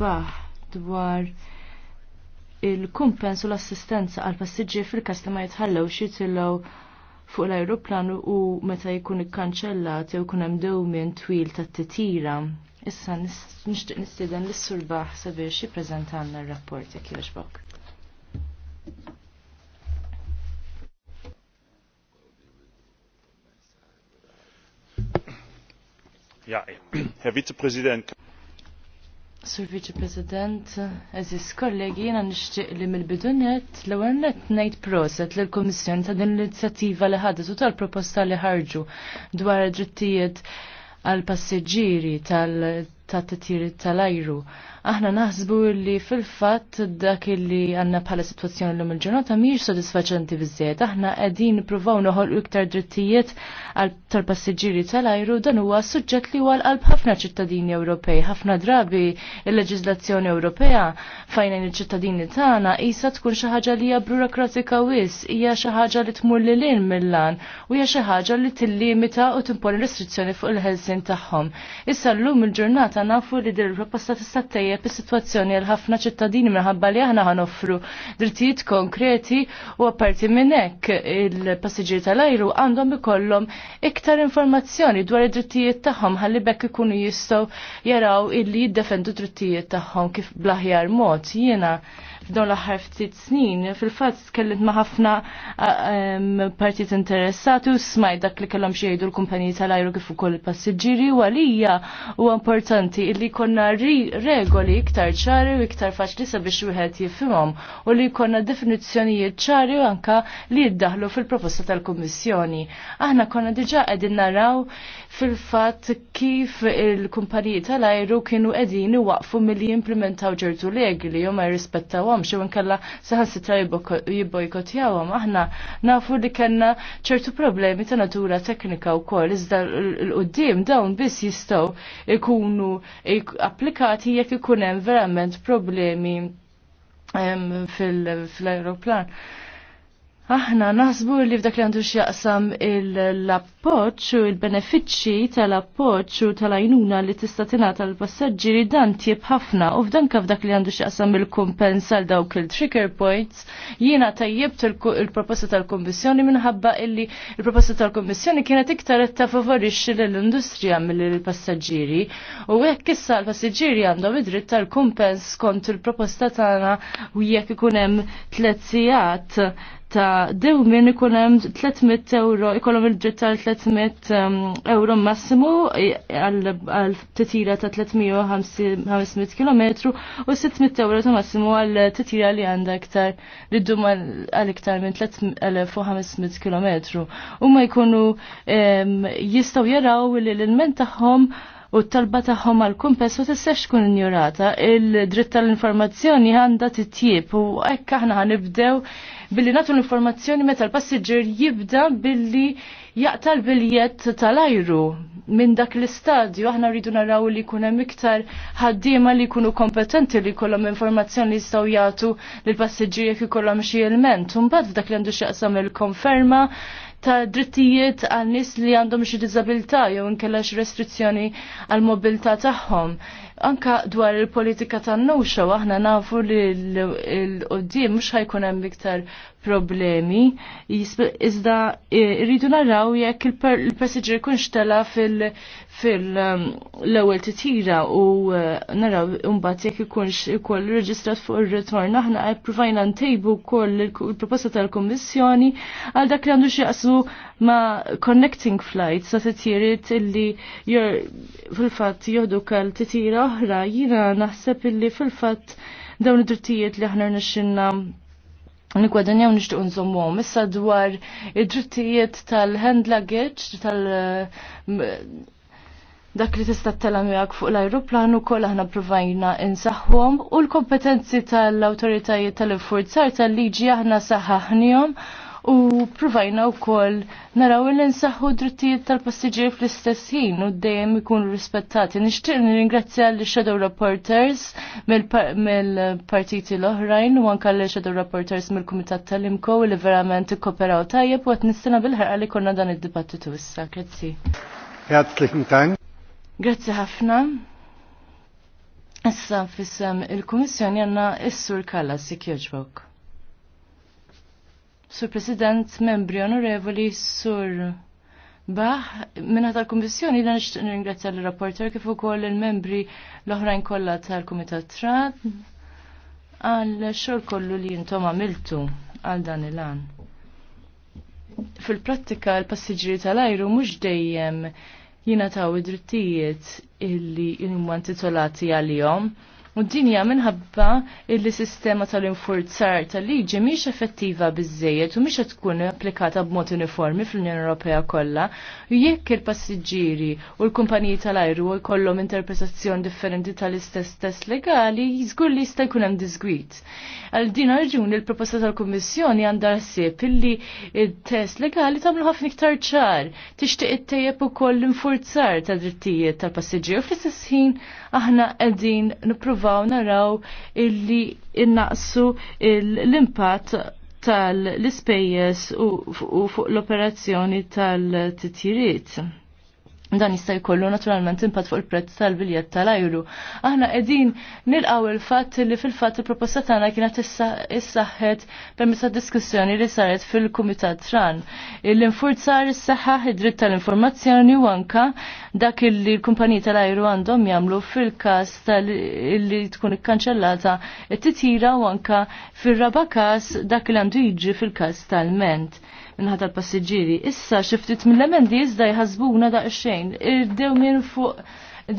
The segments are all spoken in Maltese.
sbaħ dwar il-kumpens u l-assistenza għal passiġġier fil-kas li ma jitħallew xitilaw fuq l-ajruplan u meta jkun ikkanċellat jew kun hemm dewmien twil ta' titira. Issa nixtieq nistieden lis-surbaħ sabiex jippreżentanna r-rapport jekk jogħġbok. Ja, Herr Vizepräsident. Sur Vice President, eżis kollegi, jena nishtiq li mill-bidunet l ewwel nejt proset l komissjoni ta' din l-inizjattiva li ħadet u tal-proposta li ħarġu dwar drittijiet għal passiġġieri tal- ta' t-tir tal-ajru. Aħna naħsbu li fil-fat dak li għanna bħala situazzjoni l-lum il-ġurnata miex sodisfaċenti bizziet. Aħna għedin provaw noħol iktar drittijiet tal-passiġġieri tal-ajru dan huwa suġġett li huwa l-qalb ħafna ċittadini Ewropej. Ħafna drabi il-leġiżlazzjoni Ewropea fajna il-ċittadini tagħna isa tkun xi ħaġa li hija burokratika wis, hija xi ħaġa li tmur lil mill-lan u hija xi ħaġa li tillimita u timponi restrizzjoni fuq il-ħelsien tagħhom. Issa llum il-ġurnata Iżda nafu li dir proposta tista' tejjeb is-sitwazzjoni għal ħafna ċittadini minħabba li aħna ħanoffru drittijiet konkreti u apparti minn hekk il-passiġġieri tal-ajru għandhom ikollhom iktar informazzjoni dwar id-drittijiet tagħhom ħalli bekk ikunu jistgħu jaraw illi jiddefendu drittijiet tagħhom kif blaħjar mod. Jiena f'dawn l-aħħar ftit snin, fil-fatt tkellimt ma' ħafna partit interessati u smaj dak li kellhom xi jgħidu l-kumpaniji tal-ajru kif ukoll il-passiġġieri u għalija huwa importanti li jkollna regoli iktar ċari u iktar faċli sabiex wieħed jifhimhom u li jkollna definizzjonijiet ċari u anka li jiddaħlu fil-proposta tal-Kummissjoni. Aħna konna diġà qegħdin naraw fil-fatt kif il-kumpaniji tal-ajru kienu qegħdin waqfu milli jimplementaw ġertu legli u ma jirrispettawhom xew inkella jibbojkot jibbojkotjawhom. Aħna nafu li kellna ċertu problemi ta' natura teknika wkoll iżda l-qudiem dawn biss jistgħu ikunu applikati jekk ikun hemm verament problemi fil-aeroplan. Fil Aħna naħsbu li f'dak li għandu x'jaqsam l-appoġġ u l-benefiċċji tal-appoġġ u tal-għajnuna li tista' tingħata l-passaġġieri dan tjib ħafna u f'dan kaf dak li għandu x'jaqsam il-kumpens għal dawk il-trigger points jiena tajjibt il-proposta tal-Kummissjoni minħabba illi il-proposta tal-Kummissjoni kienet iktar qed tafavorixxi lill-industrija mill-passaġġieri u hekk issa l-passiġġieri għandhom id-dritt tal-kumpens kont il-proposta tagħna u jekk ikun hemm tliet sigħat ta' dewmin ikun hemm 300 euro, ikollhom il-ġiet tal 300 um, euro massimu għal titira ta' 350 km u 600 euro ta' massimu għal titira li għandha iktar li ddum għal iktar minn 3500 km. U ma jkunu um, jistgħu jaraw li l-ilment tagħhom u t-talba tagħhom għal kumpens ma tistax tkun injorata. Il-dritt tal-informazzjoni għandha titjieb u hekk aħna ħanibdew billi nagħtu l-informazzjoni meta l-passiġġier jibda billi jaqta l-biljett tal-ajru minn dak l-istadju aħna rridu naraw li jkun hemm iktar ħaddiema li jkunu kompetenti li jkollhom informazzjoni li jistgħu jagħtu lill passiġġier jekk ikollhom xi ilment. Imbagħad f'dak li għandu x'jaqsam il-konferma ta' drittijiet għal nis li għandhom xi diżabilità jew inkella xi restrizzjoni għal mobilità tagħhom. Anka dwar il-politika tan-nowxa aħna nafu li l-qudiem mhux ħajkun hemm iktar problemi, iżda eh, rridu naraw jekk il passager kun xtela fil-ewwel um, titira u eh, naraw imbagħad jekk ikunx ikoll reġistrat fuq ir-ritorn aħna pprovajna ntejbu wkoll il-proposta tal-Kummissjoni għal dak li għandu xi ma' connecting flights sa titjiriet illi fil-fatt joħdu kal titira oħra jiena naħseb illi fil-fatt dawn id-drittijiet li aħna rnexxinna nikwadanjaw nishtiq nżommhom Issa dwar id-drittijiet tal-hand luggage, tal- eh, dak li tista' tella miegħek fuq l-ajruplan ukoll aħna provajna insaħħhom u l-kompetenzi tal-awtoritajiet tal-infurzar tal-liġi aħna saħaħnihom u provajna wkoll naraw li nsaħħu drittijiet tal passiġir fl-istess ħin u dejjem ikunu rispettati. Nixtieq nirringrazzja l shadow reporters mill-partiti l-oħrajn u anke l shadow reporters mill-Kumitat tal-Imko li verament ikkoperaw tajjeb u qed nistina bil-ħarqa li konna dan id-dibattitu issa. Grazzi. Grazzi ħafna. Issa fissem il-Kummissjoni għanna Issur sur Kallas jekk Sur President, membri onorevoli, sur Bah, minna tal-Kommissjoni l nixtieq nirringrazzja l-rapporter kif ukoll il-membri l-oħrajn kollha tal-Kumitat Trat għal xogħol kollu li jintom għamiltu għal dan il-għan. Fil-prattika l-passiġġieri tal-ajru mhux dejjem jingħataw id-drittijiet illi huma intitolati għalihom. U d-dinja minħabba illi sistema tal-infurzar tal-liġi miex effettiva bizzejiet u miex tkun applikata b'mod uniformi fl-Unjoni Ewropea kollha. Jekk il-passiġġieri u l-kumpaniji tal-ajru jkollhom interpretazzjoni differenti tal-istess test legali, jiżgur li jista' jkun hemm disgwit. Għal din raġuni il-proposta tal-Kummissjoni għandha ħsieb illi il-test legali tagħmlu ħafna iktar ċar, tixtieq ittejjeb ukoll l-infurzar tad-drittijiet tal passiġġieri fl-istess ħin aħna qegħdin nippruvaw naraw illi innaqsu l-impatt tal-ispejjeż u fuq l-operazzjoni tal-titjiriet dan jista' jkollu naturalment impatt fuq il-prezz tal-biljett tal-ajru. Aħna qegħdin nilqgħu il-fatt li fil-fatt il-proposta tagħna kienet issaħħet permezz diskussjoni li saret fil-Kumitat Tran. L-infurzar is-saħħa id-dritt tal-informazzjoni u anka dak li l-kumpaniji tal-ajru għandhom jagħmlu fil-każ li tkun ikkanċellata t titjira u anka fir-raba każ dak li għandu jiġri fil-każ tal-ment minħata l-passiġġieri. Issa xiftit mill-emendi iżda jħasbuna daqsxejn. Irdew minn fuq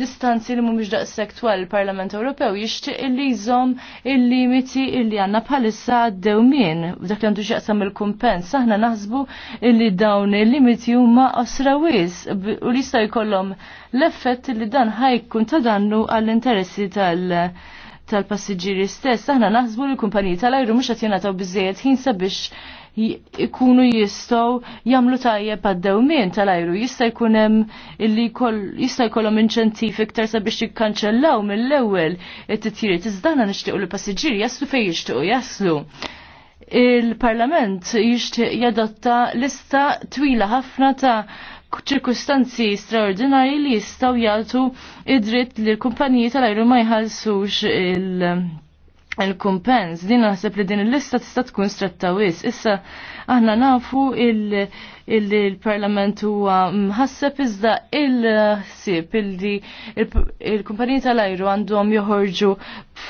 distanzi li mhumiex daqshekk twal il-Parlament Ewropew jixtieq illi jżom il-limiti illi għandna bħalissa għaddew min dak li għandu xieqsam il-kumpens. Aħna naħsbu illi dawn il-limiti huma osra wis u li jista' jkollhom l-effett li dan ħajkun ta' dannu għall-interessi tal- tal-passiġġieri stess, aħna naħsbu li l-kumpaniji tal-ajru mhux qed jingħataw biżejjed ħin sabiex ikunu jistgħu jagħmlu tajjeb għad-dewmien tal-ajru. Jista' jkun hemm illi jista' jkollhom inċentif iktar sabiex jikkanċellaw mill-ewwel it-titjiriet. Iżda nixtiequ li passiġġieri jaslu fejn jixtiequ jaslu il-Parlament jixtieq jadotta lista twila ħafna ta' ċirkustanzi straordinari li jistgħu jagħtu id-dritt li l-kumpaniji tal-ajru ma jħallsux il- il-kumpens, din naħseb li din il-lista tista' tkun stretta wis. Issa aħna nafu il-Parlament huwa mħasseb iżda il-ħsieb il-kumpaniji tal-ajru għandhom joħorġu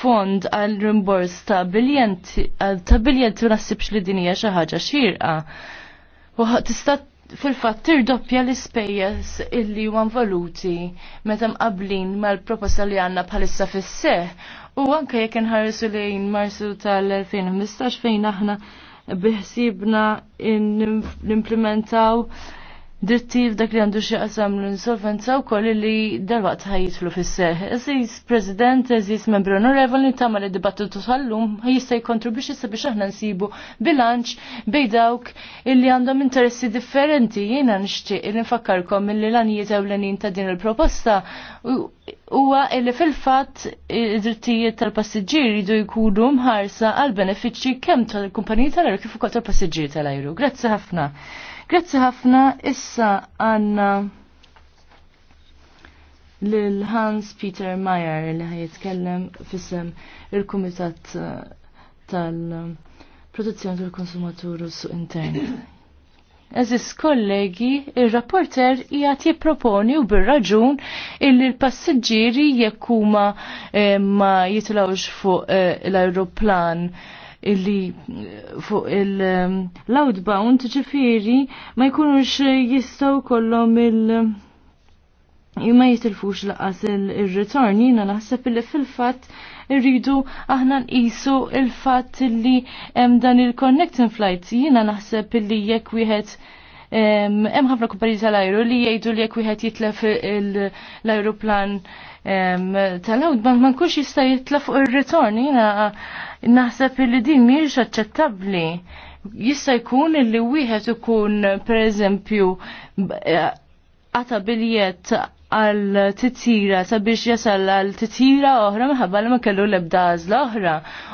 fond għal rimbors ta' biljenti ta' biljenti u naħsibx li din hija xi ħaġa xirqa'. U tista' fil-fatt tirdoppja l-ispejjeż illi huwa involuti meta mqablin mal-proposta li għandna bħalissa fis-seħ U anke jekk inħarsu lejn Marsu tal-2015 fejn aħna biħsibna l-implementaw in dritti f'dak li għandu xie għasam l-insolvenza wkoll li dalwaqt ħajjitlu fis fisseħ. Eżis President, eżis Membri Onorevoli tagħmel li dibattitu tal-lum jista' jkontribwixxi sabiex aħna nsibu bilanċ bejn dawk illi għandhom interessi differenti jiena nixtieq li nfakkarkom milli l-anijiet ewlenin ta' din il-proposta huwa li fil-fatt id-drittijiet tal-passiġġieri jdu jkunu mħarsa għal benefiċċji kemm tal-kumpaniji tal-ajru kif ukoll tal-passiġġieri tal-ajru. Grazzi ħafna. Grazzi ħafna, issa għanna lil Hans Peter Meyer li ħajitkellem fissem il-Kumitat uh, tal-Protezzjoni tal-Konsumatur u Suq Internet. Eżis kollegi, il-rapporter jgħat jiproponi u bil-raġun illi l-passagġiri jekkuma eh, ma jitlawx fuq eh, l-aeroplan. Eh, illi fuq il-loudbound um, ġifiri ma jkunux jistaw kollom il- ma jitilfux laqas il-return jina naħseb illi fil-fat irridu aħna nqisu il-fat illi hemm dan il-connecting flight jina naħseb illi jekk wieħed hemm ħafna kumpaniji tal-ajru li jgħidu li jekk wieħed jitlef l-ajruplan il tal-outbound ma nkunx jista' jitla fuq ir-ritorn jiena eh, naħseb li din mhijiex aċċettabbli. Jista' jkun li wieħed ikun pereżempju eh, għata biljett għal titira sabiex jasal għal titira oħra minħabba li ma kellu lebda għażla oħra.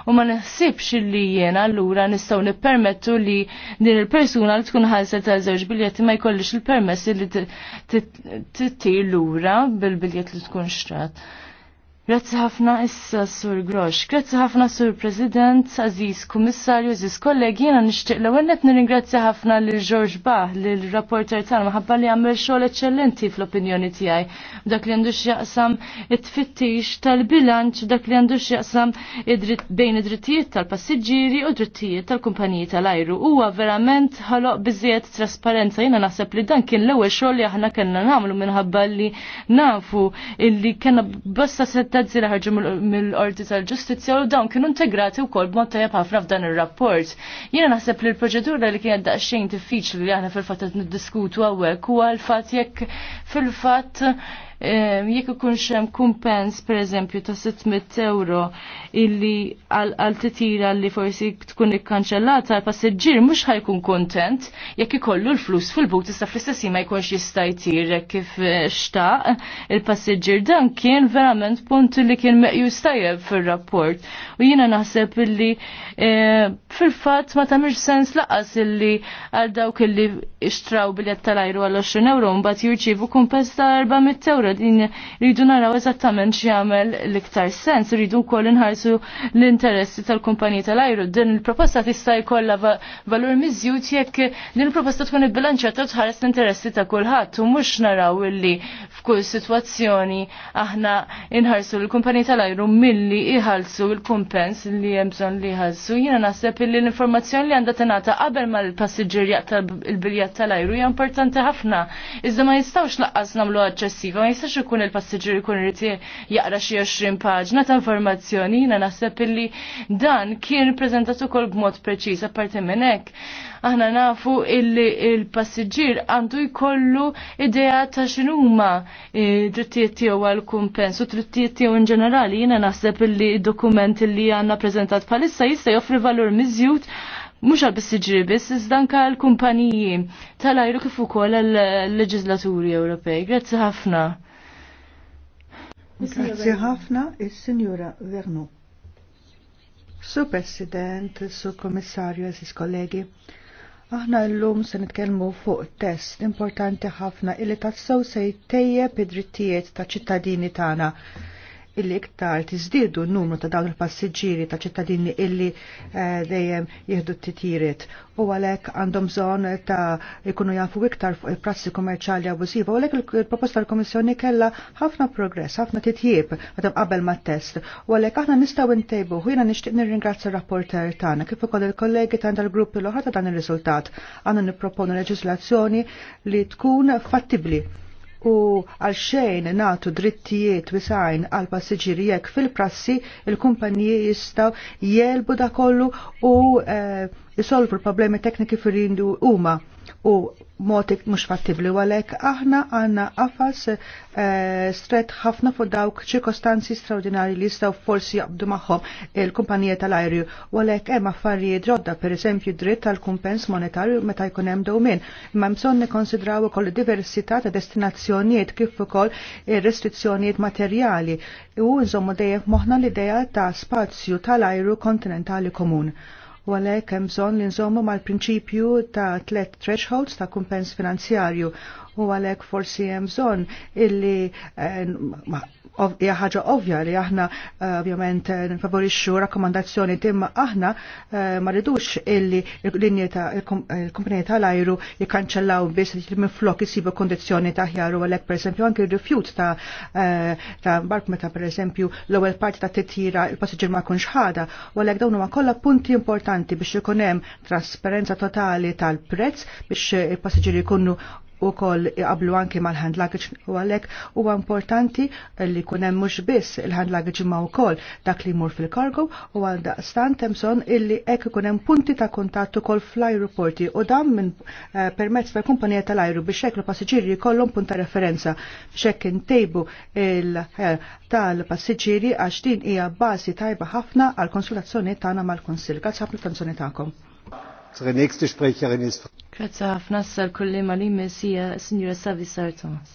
U ma naħsibx li jiena allura nistgħu nippermettu li din il-persuna li tkun ħalset ta' żewġ biljetti ma jkollix il permessi li l lura bil biljet li tkun xtrat. Grazzi ħafna issa Sur Grosh. Grazzi ħafna Sur President, Aziz Kummissarju, Aziz kollegi, jena nishtiq la għennet nirringrazzja ħafna lil George Bah, l rapporter tal maħabba li għamil xogħol eċċellenti fl-opinjoni tiegħi. Dak li għandux jaqsam it-fittix tal-bilanċ, dak li għandux jaqsam bejn id-drittijiet tal-passiġġieri u drittijiet tal-kumpaniji tal-ajru. Huwa verament ħalo bizziet trasparenza. Jena naħseb li dan kien l-ewwel xogħol li aħna kellna nagħmlu minħabba li nafu illi kellna bosta setta sentenzi li ħarġu mill-Qorti tal-Ġustizzja u dawn kienu integrati wkoll b'mod tajjeb ħafna f'dan ir-rapport. Jiena naħseb li l-proċedura li kienet daqsxejn diffiċli li aħna fil-fatt qed niddiskutu hawnhekk huwa l-fatt jekk fil-fatt jekk ikunx hemm kumpens eżempju, ta' 600 euro illi għal titira li forsi tkun ikkanċellata għal passiġġier mhux ħajkun kontent jekk ikollu l-flus fil-but issa fl-istess ma jkunx jista' jtir kif eh, xtaq il-passiġġier dan kien verament punt li kien meqjus tajjeb fir-rapport. U jiena naħseb illi eh, fil-fatt ma tamirx sens laqas illi għal dawk illi xtraw biljett tal-ajru għal 20 euro mbagħad jirċievu kumpens ta' 400 euro din rridu naraw eżattament x'jagħmel l-iktar sens, rridu wkoll inħarsu l-interessi tal-kumpaniji tal-ajru. Din il-proposta tista' jkollha valur miżjud jekk din il-proposta tkun ibbilanċjata u tħares l-interessi ta' kulħadd u mhux naraw illi f'kull sitwazzjoni aħna inħarsu l-kumpaniji tal-ajru milli iħalsu l-kumpens li hemm bżonn li jħallsu. Jiena naħseb illi l-informazzjoni li għandha tingħata qabel mal l-passiġġier jaqta' il-biljett tal-ajru hija importanti ħafna. Iżda ma jistgħux laqqas nagħmlu ma jistax ikun il-passiġġier ikun irid jaqra xi 20 paġna ta' informazzjoni jiena naħseb illi dan kien ippreżentat ukoll b'mod preċiż apparti minn hekk. Aħna nafu illi il-passiġġier għandu jkollu idea ta' x'inhuma eh, drittijiet tiegħu għal kumpens u drittijiet tiegħu in ġenerali jiena naħseb illi d-dokument illi għandna preżentat bħalissa jista' joffri valur miżjud mhux għal bissiġri biss, iżda anke l-kumpaniji tal-ajru kif ukoll għall leġislaturi Ewropej. Grazzi ħafna. Grazie ħafna, il signora Vernu. Su President, su Kommissarju, eżis kollegi, aħna l-lum se nitkellmu fuq test importanti ħafna illi tassew se jtejjeb id-drittijiet ta' ċittadini tagħna illi iktar tiżdiedu n-numru ta' dawn il-passiġġieri ta' ċittadini illi eh, dejjem jieħdu t-titiret u għalhekk għandhom bżonn ta' jkunu jafu iktar fuq il-prassi kummerċjali abużiva u għalhekk il-proposta tal-Komissjoni kellha ħafna progress, ħafna titjieb għadhom qabel mat-test u għalhekk aħna nistgħu ntejbu u nixtieq nirringrazzja r-rapporter tagħna kif ukoll il-kollegi ta' tal-grupp l-oħra ta' dan ir-riżultat. Għandna nipproponu leġislazzjoni li tkun fattibbli u għalxejn natu drittijiet wisajn għal passiġiri jekk fil-prassi il-kumpaniji jistaw jelbu da kollu u eh, jisolvu problemi tekniki firindu huma u motik mhux fattibli għalhekk aħna għandna għafas e, eh, stret ħafna fuq dawk ċirkostanzi straordinari li jistgħu forsi jaqbdu magħhom il-kumpanija tal-ajru u għalhekk hemm affarijiet ġodda pereżempju dritt tal-kumpens monetarju meta jkun hemm dewmien. Imma bżonn u ukoll diversità ta' destinazzjonijiet kif ukoll restrizzjonijiet materjali u nżommu dejjem moħħna l-idea ta' spazju tal-ajru kontinentali komun u għalek hemm bżonn li mal-prinċipju ta' tlet thresholds ta' kumpens finanzjarju u għalek forsi hemm bżonn illi eh, hija ħaġa ovvja li aħna eh, ovvjament eh, nfavorixxu rakkomandazzjoni timma aħna ma ridux illi l linje ta' il-kumpanija tal-ajru jikkanċellaw biss li minn flok isibu kondizzjoni ta' ħjaru u għalhekk pereżempju anke r-rifjut ta' ta' bark meta pereżempju l-ewwel parti ta' titjira il-passiġġier ma jkunx ħada u għalhekk dawn huma kollha punti importanti biex ikun hemm trasparenza totali tal-prezz biex il-passiġġieri jkunu u koll iqablu anki mal hand luggage u għalek u importanti li kunem mux biss il-hand luggage ma u koll dak li mur fil-kargo u għal stan temson illi ek kunem punti ta' kontattu kol fl-aeroporti u dam minn eh, permezz tal kumpanija tal-ajru biex l passiġiri kollum punta referenza xek intejbu eh, tal-passiġiri għax din hija bażi tajba ħafna għal konsultazzjoni tagħna mal-Konsil. Grazzi ħafna l-attenzjoni tagħkom. Unsere nächste Sprecherin ist Grazie ħafna li messija Signora Savi Sartons.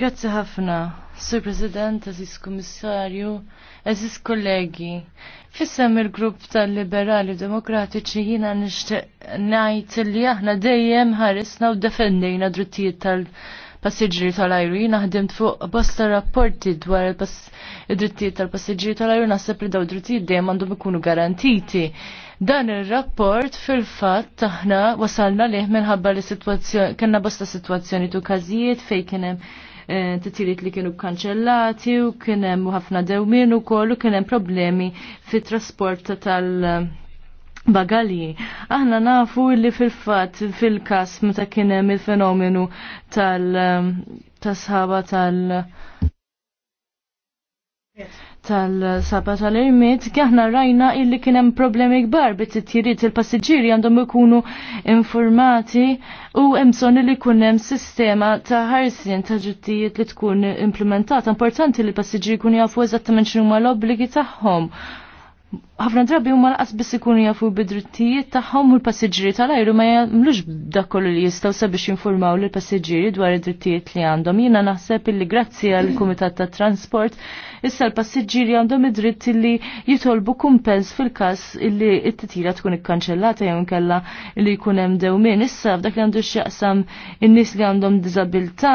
Grazie ħafna, Sir President, Aziz Komissarju, Aziz Kollegi. Fissam il-grupp tal-Liberali Demokratiċi jina nishtiq najt li aħna dejjem ħarisna u defendejna drittijiet tal-Liberali passiġġieri tal-ajru. Jina ħdimt fuq bosta rapporti dwar id-drittijiet tal-passiġġieri tal-ajru naħseb li daw drittijiet dejjem għandhom ikunu garantiti. Dan ir-rapport fil-fatt aħna wasalna lih minħabba li sitwazzjoni kena bosta sitwazzjoni tu każijiet fejn kien hemm eh, titiriet li kienu kanċellati u kien hemm ħafna dewmien ukoll u kien hemm problemi fit-trasport tal- bagali. Aħna nafu li fil-fat fil-kas meta kienem il-fenomenu tal-sħaba tal- um, tal-saba tal-irmit, kħahna rajna illi kienem problemi kbar bit-titjiriet il-passiġġieri għandhom ikunu informati u emson li kunem sistema ta' ħarsien ta' ġittijiet li tkun implementata. Importanti li passiġġieri kun jafu eżattament xinu ma' l-obbligi tagħhom ħafna drabi huma laqas biss ikunu jafu bid-drittijiet tagħhom u l-passiġġieri tal-ajru ma jagħmlux dak kollu li jistgħu sabiex jinformaw lil passiġġieri dwar id-drittijiet li għandhom. Jiena naħseb illi grazzi għal kumitat tat Transport issa l-passiġġieri għandhom id-dritt li jitolbu kumpens fil-każ illi t-titira tkun ikkanċellata jew inkella li jkun hemm dewmien. Issa f'dak li għandu x'jaqsam in-nies li għandhom diżabilità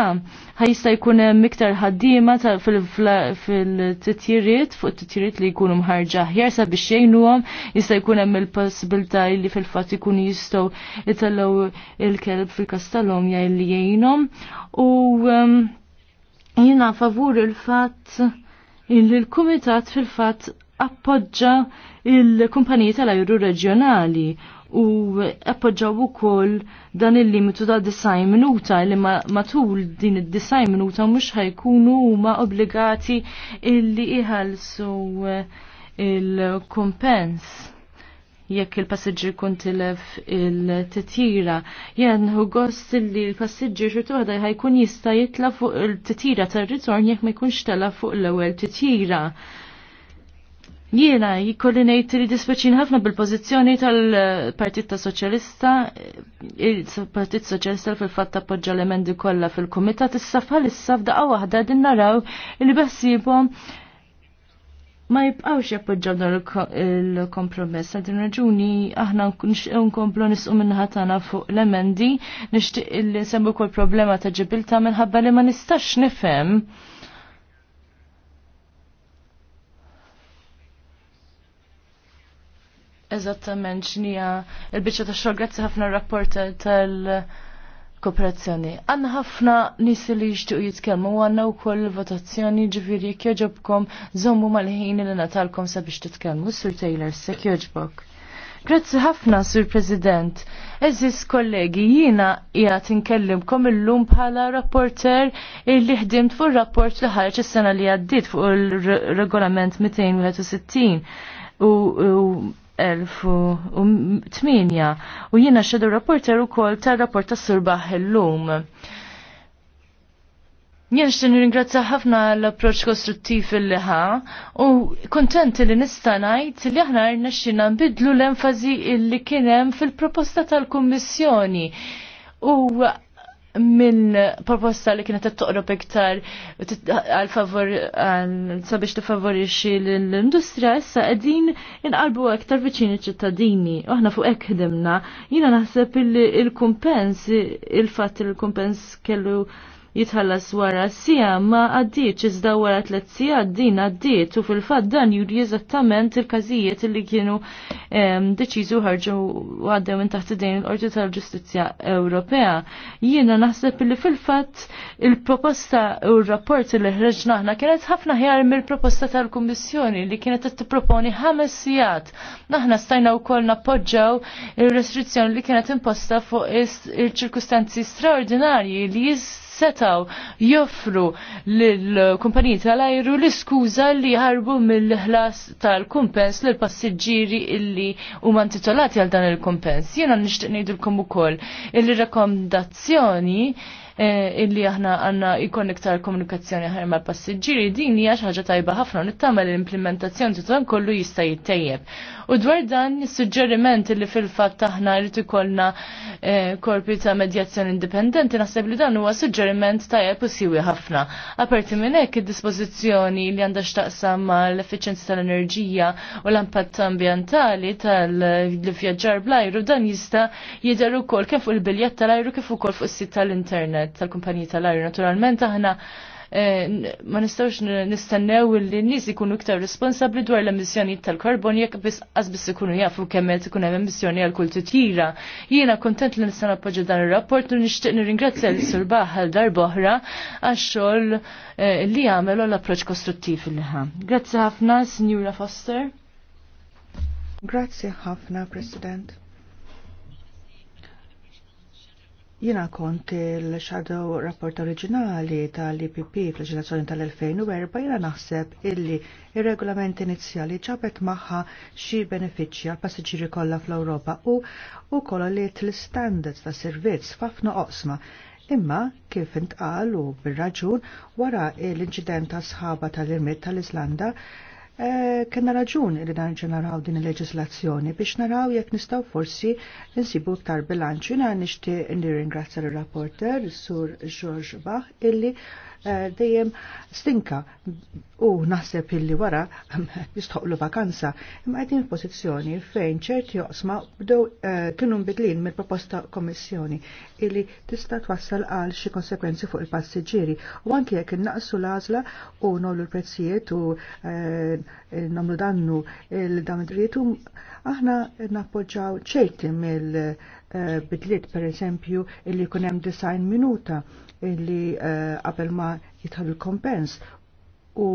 ħajsta jkun hemm iktar ħaddiema fil-titjiriet fuq it-titjiriet li jkunu mħarġa ħjar sabiex jgħinuhom, jista' jkun hemm il-possibilità li fil-fatt ikun jistgħu itellgħu il-kelb fil-kastallom li jgħinhom. U um, jiena favur il-fatt li l-kumitat fil-fatt appoġġa il-kumpaniji tal-ajru reġjonali u appoġġaw ukoll dan il-limitu ta' design minuta li matul din id-design minuta mhux ħajkunu huma obbligati illi iħallsu eh, il-kumpens jekk il-passiġġier kun tilef il-titjira. Jen hu gost li l-passiġġier xorta waħda ħajkun jista' jitla fuq il-titjira tar-ritorn jekk ma jkunx tela fuq l-ewwel titjira. Jiena jkolli ngħid li dispeċin ħafna bil-pożizzjoni tal-Partit Soċjalista, il-Partit Soċjalista fil-fatt appoġġa l-emendi kollha fil-Kumitat issa bħalissa f'daqgħa waħda din naraw li beħsiebhom ma jibqawx jappoġġaw dan il-kompromess. Għadin raġuni aħna nkomplu nisqu minnħatana fuq l-emendi, nishtiq li sembu kol problema ta' ġibilta minħabba li ma nistax nifem. Eżattament xnija il-bicċa ta' xogħol grazzi ħafna rapport tal- kooperazzjoni. Għanna ħafna nis li jixtiequ jitkellmu għanna wkoll votazzjoni ġifiri kjoġobkom żommu mal-ħin li natalkom sabiex titkellmu. Sur Taylor, se jogħġbok. Grazzi ħafna, Sur President. Eżis kollegi, jiena qiegħed il illum bħala rapporter illi ħdimt fuq rapport li ħarġ is-sena li għaddiet fuq il-regolament 261 u 2008 u jiena xedu rapporter ukoll tar-rapport tas-surbaħ illum. Jien xtin ringrazza ħafna l-approċ kostruttiv il-liħa u kontent li nista' ngħid li aħna xina nbidlu l enfazi il kien hemm fil-proposta tal-Kummissjoni. U minn proposta li kienet toqrob iktar għal favor sabiex tifavorixxi l-industrija issa qegħdin inqalbu iktar viċini ċittadini. Aħna fuq hekk ħdimna. Jiena naħseb il-kumpens il-fatt il-kumpens kellu jitħallas wara sija ma għaddiċ iżda wara tlet sija din għaddiet u fil fatt dan juri eżattament il-każijiet li kienu deċiżu ħarġu għaddew minn taħt id-dejn l-Qorti tal-Ġustizzja Ewropea. Jiena naħseb li fil-fatt il-proposta u r-rapport li ħreġna aħna kienet ħafna ħjar mill-proposta tal-Kummissjoni li kienet tipproponi ħames sijat. Naħna stajna wkoll nappoġġaw il-restrizzjoni li kienet imposta fuq il-ċirkustanzi straordinarji li jiz setaw joffru lill-kumpaniji tal-ajru l-iskuża li ħarbu mill-ħlas tal-kumpens l passiġġieri illi huma intitolati għal dan il-kumpens. Jiena nixtieq ngħidilkom ukoll il-rekomendazzjoni eh, illi aħna għanna ikon iktar komunikazzjoni ħar mal passiġġieri din hija xi ħaġa tajba ħafna nittama l-implementazzjoni ta' dan kollu jista' jittejjeb. U dwar dan is-suġġeriment li fil-fatt aħna rrid ikollna eh, korpi ta' medjazzjoni indipendenti, naħseb li dan huwa suġġeriment tajjeb u siwi ħafna. Aperti minn hekk id-dispożizzjoni li għandha x'taqsam l efficienza tal-enerġija u l-impatt ambjentali tal-vjaġġar bl-ajru dan jista' jidher ukoll kif u il-biljett tal-ajru kif ukoll fuq is-sit tal-internet tal-kumpaniji tal-ajru. Naturalment aħna Eh, ma nistawx nistennew li n-nies ikunu iktar responsabbli dwar l-emissjonijiet tal-karbon jek biss qas biss ikunu jafu kemm qed ikun hemm emissjoni għal kull titjira. Jiena kontent li nista' appoġġa dan ir-rapport u nixtieq nirringrazzja l sur għal darb'oħra għax-xogħol eh, li għamel l-approċċ kostruttiv il ħa. Grazzi ħafna, Signora Foster. Grazzi ħafna, President. Jina kont il-shadow rapport oriġinali tal-IPP fl-ġinazzjoni tal-2004 jina naħseb illi il-regolament inizjali ġabet maħħa xi beneficji għal passiġġieri kollha fl-Ewropa u ukoll li l-standards ta' servizz f'ħafna oqsma. Imma kif intqal u bir-raġun wara l-inċident ta' sħaba tal-irmit tal islanda Eh, kena raġun li narġu naraw din il-leġislazzjoni biex naraw jekk nistaw forsi nsibu ktar bilanċ. Jina nishti ringrazzja l-rapporter, sur George Bach, illi Eh, dejjem stinka u naħseb illi wara jistħoqlu vakanza imma qegħdin f'pożizzjoni fejn ċerti joqsma bdew eh, kienu mbidlin mill-proposta kommissjoni illi tista' twassal għal xi konsekwenzi fuq il-passiġġieri u anke jekk innaqsu l-għażla u nollu l-prezzijiet u eh, nagħmlu dannu il-dam id aħna nappoġġaw ċerti mill bidliet per eżempju illi kunem design minuta li eh, qabel ma jitħallu l-kompens. U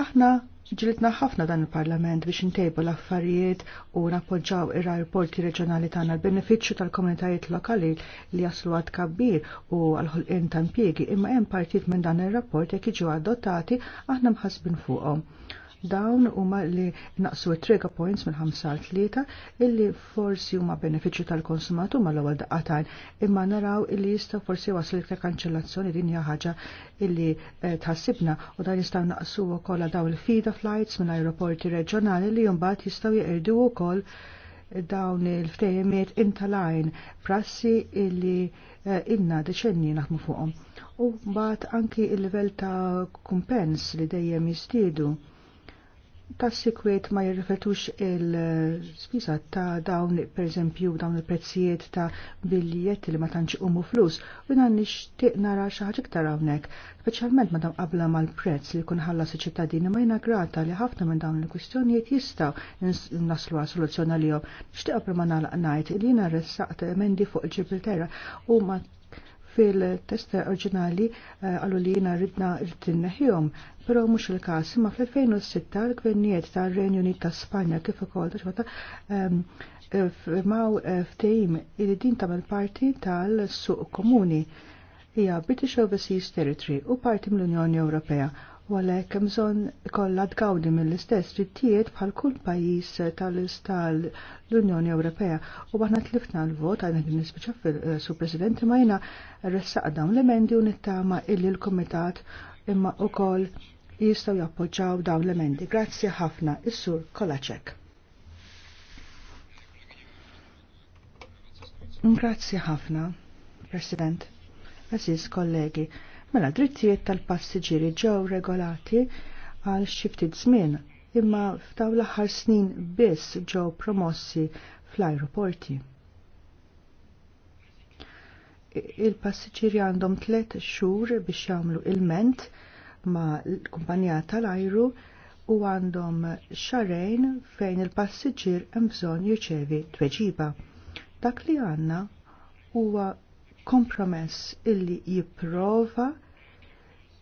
aħna ġilitna ħafna dan il-Parlament biex intejbu l-affarijiet u nappoġġaw ir-aeroporti reġjonali tagħna l-benefiċċju tal-komunitajiet lokali li jaslu għad kabbir u għal-ħolqien ta' impjiegi imma hemm partit minn dan ir-rapport jekk jiġu adottati aħna mħassbin fuqhom Dawn huma li naqsu trega points minn ħamsa għal illi forsi huma benefiċċju tal-konsumatur ma l-ewwel daqatajn imma naraw illi jista' forsi waslu iktar kanċellazzjoni din hija ħaġa illi eh, tħassibna u dan jistgħu naqsu wkoll daw il fida flights minn aeroporti reġjonali li mbagħad jistgħu jeqirdu wkoll dawn il-ftejemiet intalajn prassi illi eh, inna deċenni naħmu fuqhom. U mbagħad anki il-livell ta' kumpens li dejjem jistiedu tas-sikwiet ma jirrifletux il-spisa ta' dawn per eżempju dawn il-prezzijiet ta' biljet li ma tantx umu flus u dan nixtieq nara xi ħaġa iktar hawnhekk, speċjalment madam qabla mal-prezz li jkun ħallas iċ-ċittadini ma jna grata li ħafna minn dawn il-kwistjonijiet jistgħu naslu għal soluzzjoni għalihom. Nixtieq ma nagħlaq ngħid li jiena ressaqt emendi fuq il-Ġibilterra u ma' fil-test oriġinali eh, għallu li jina ridna rtinneħjom, pero mux il-kas, ma fl-2006 l-gvernijiet ta' Renju Unit ta' Spanja kif ukoll ta' ehm, firmaw eh, ftehim li din tagħmel parti tal-suq komuni hija British Overseas Territory u parti mill-Unjoni Ewropea Walek għalhekk hemm bżonn kollha tgawdi mill-istess drittijiet bħal kull pajjiż tal-istal l-Unjoni Ewropea. U aħna tlifna l-vot għajna din fil eh, su Presidenti ma r ressaq dawn l-emendi u nittama illi l-Kumitat imma wkoll jistgħu jappoġġaw dawn l-emendi. Grazzi ħafna, is-Sur Kolaċek. Grazzi ħafna, President. Aziz kollegi, mela drittijiet tal-passiġġieri ġew regolati għal xiftit żmien imma f'daw l-aħħar snin biss ġew promossi fl-ajruporti. Il-passiġġieri għandhom tliet xhur biex jagħmlu ilment ma' l-kumpanija tal-ajru u għandhom xarejn fejn il-passiġġier hemm bżonn jirċevi tweġiba. Dak li għandna huwa kompromess illi jipprova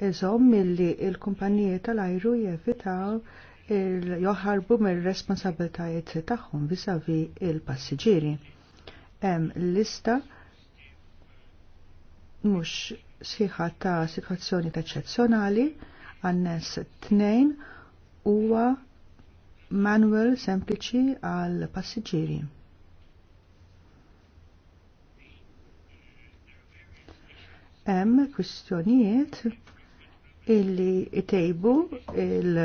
iżom milli il-kumpaniji tal-ajru jevitaw joħarbu mir-responsabiltajiet tagħhom visavi il passiġiri Hemm lista mhux sħiħa ta' sitwazzjoni eċċezzjonali għannes tnejn huwa manual sempliċi għal passiġġieri. hemm kwistjonijiet illi itejbu il-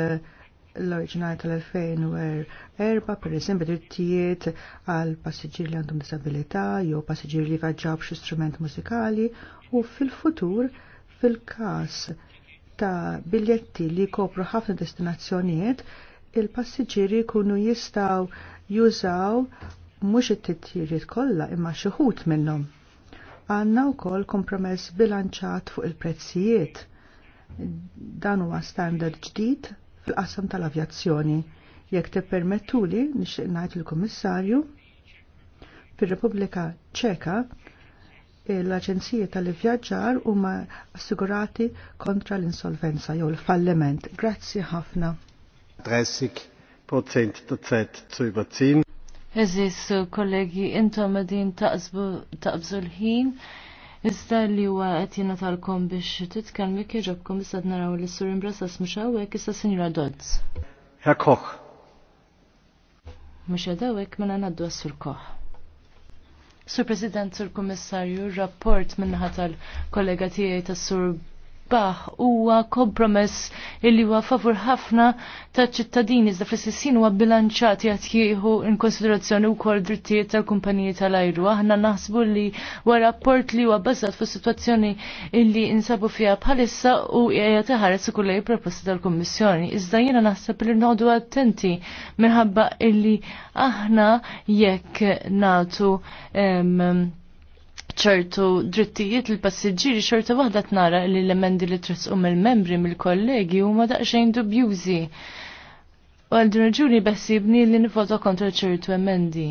l-oriġinali tal-2004, per eżempju, drittijiet għal passiġġieri li għandhom disabilità jew passiġġieri li vagġaw xi strument mużikali u fil-futur fil-każ ta' biljetti li kopru ħafna destinazzjonijiet, il-passiġġieri jkunu jistgħu jużaw mhux it-titjiriet kollha imma xi ħut minnhom għanna u kol kompromess bilanċat fuq il-prezzijiet. Dan huwa standard ġdid fil-qasam tal-avjazzjoni. Jekk tippermettuli nixtieq ngħid il-Kummissarju fir-Repubblika Ċeka l aġenzija tal-Ivvjaġġar huma assigurati kontra l-insolvenza jew l-falliment. Grazzi ħafna. 30% ta' zu überziehen. Eżis kollegi, intom għedin taqbżu l-ħin, iżda li huwa qed jingħatalkom biex titkellmu kieġobkom issa naraw li sur imbrasas mhux hawnhekk issa Sinjura Dodds. Herr Koch. Mhux hawnhekk mela ngħaddu għas-Sur Koch. Sur President, Sur Kummissarju, rapport minnaħa tal-kollega tiegħi tas-Sur baħ huwa kompromess illi huwa favur ħafna ta' ċittadini iżda fl-istessin huwa bilanċat jgħat jieħu in konsiderazzjoni wkoll drittijiet tal-kumpaniji tal-ajru. Aħna naħsbu li huwa rapport li huwa bbażat fuq sitwazzjoni illi insabu fiha bħalissa u qiegħed iħares ukoll proposti tal-Kummissjoni. Iżda jiena naħseb li noqogħdu attenti minħabba illi aħna jekk nagħtu ċertu drittijiet il-passiġġieri xorta waħda tnara li l-emendi li trisqu mill-membri mill-kollegi huma daqsxejn dubjużi. U għal din raġuni li nifoto kontra ċertu emendi.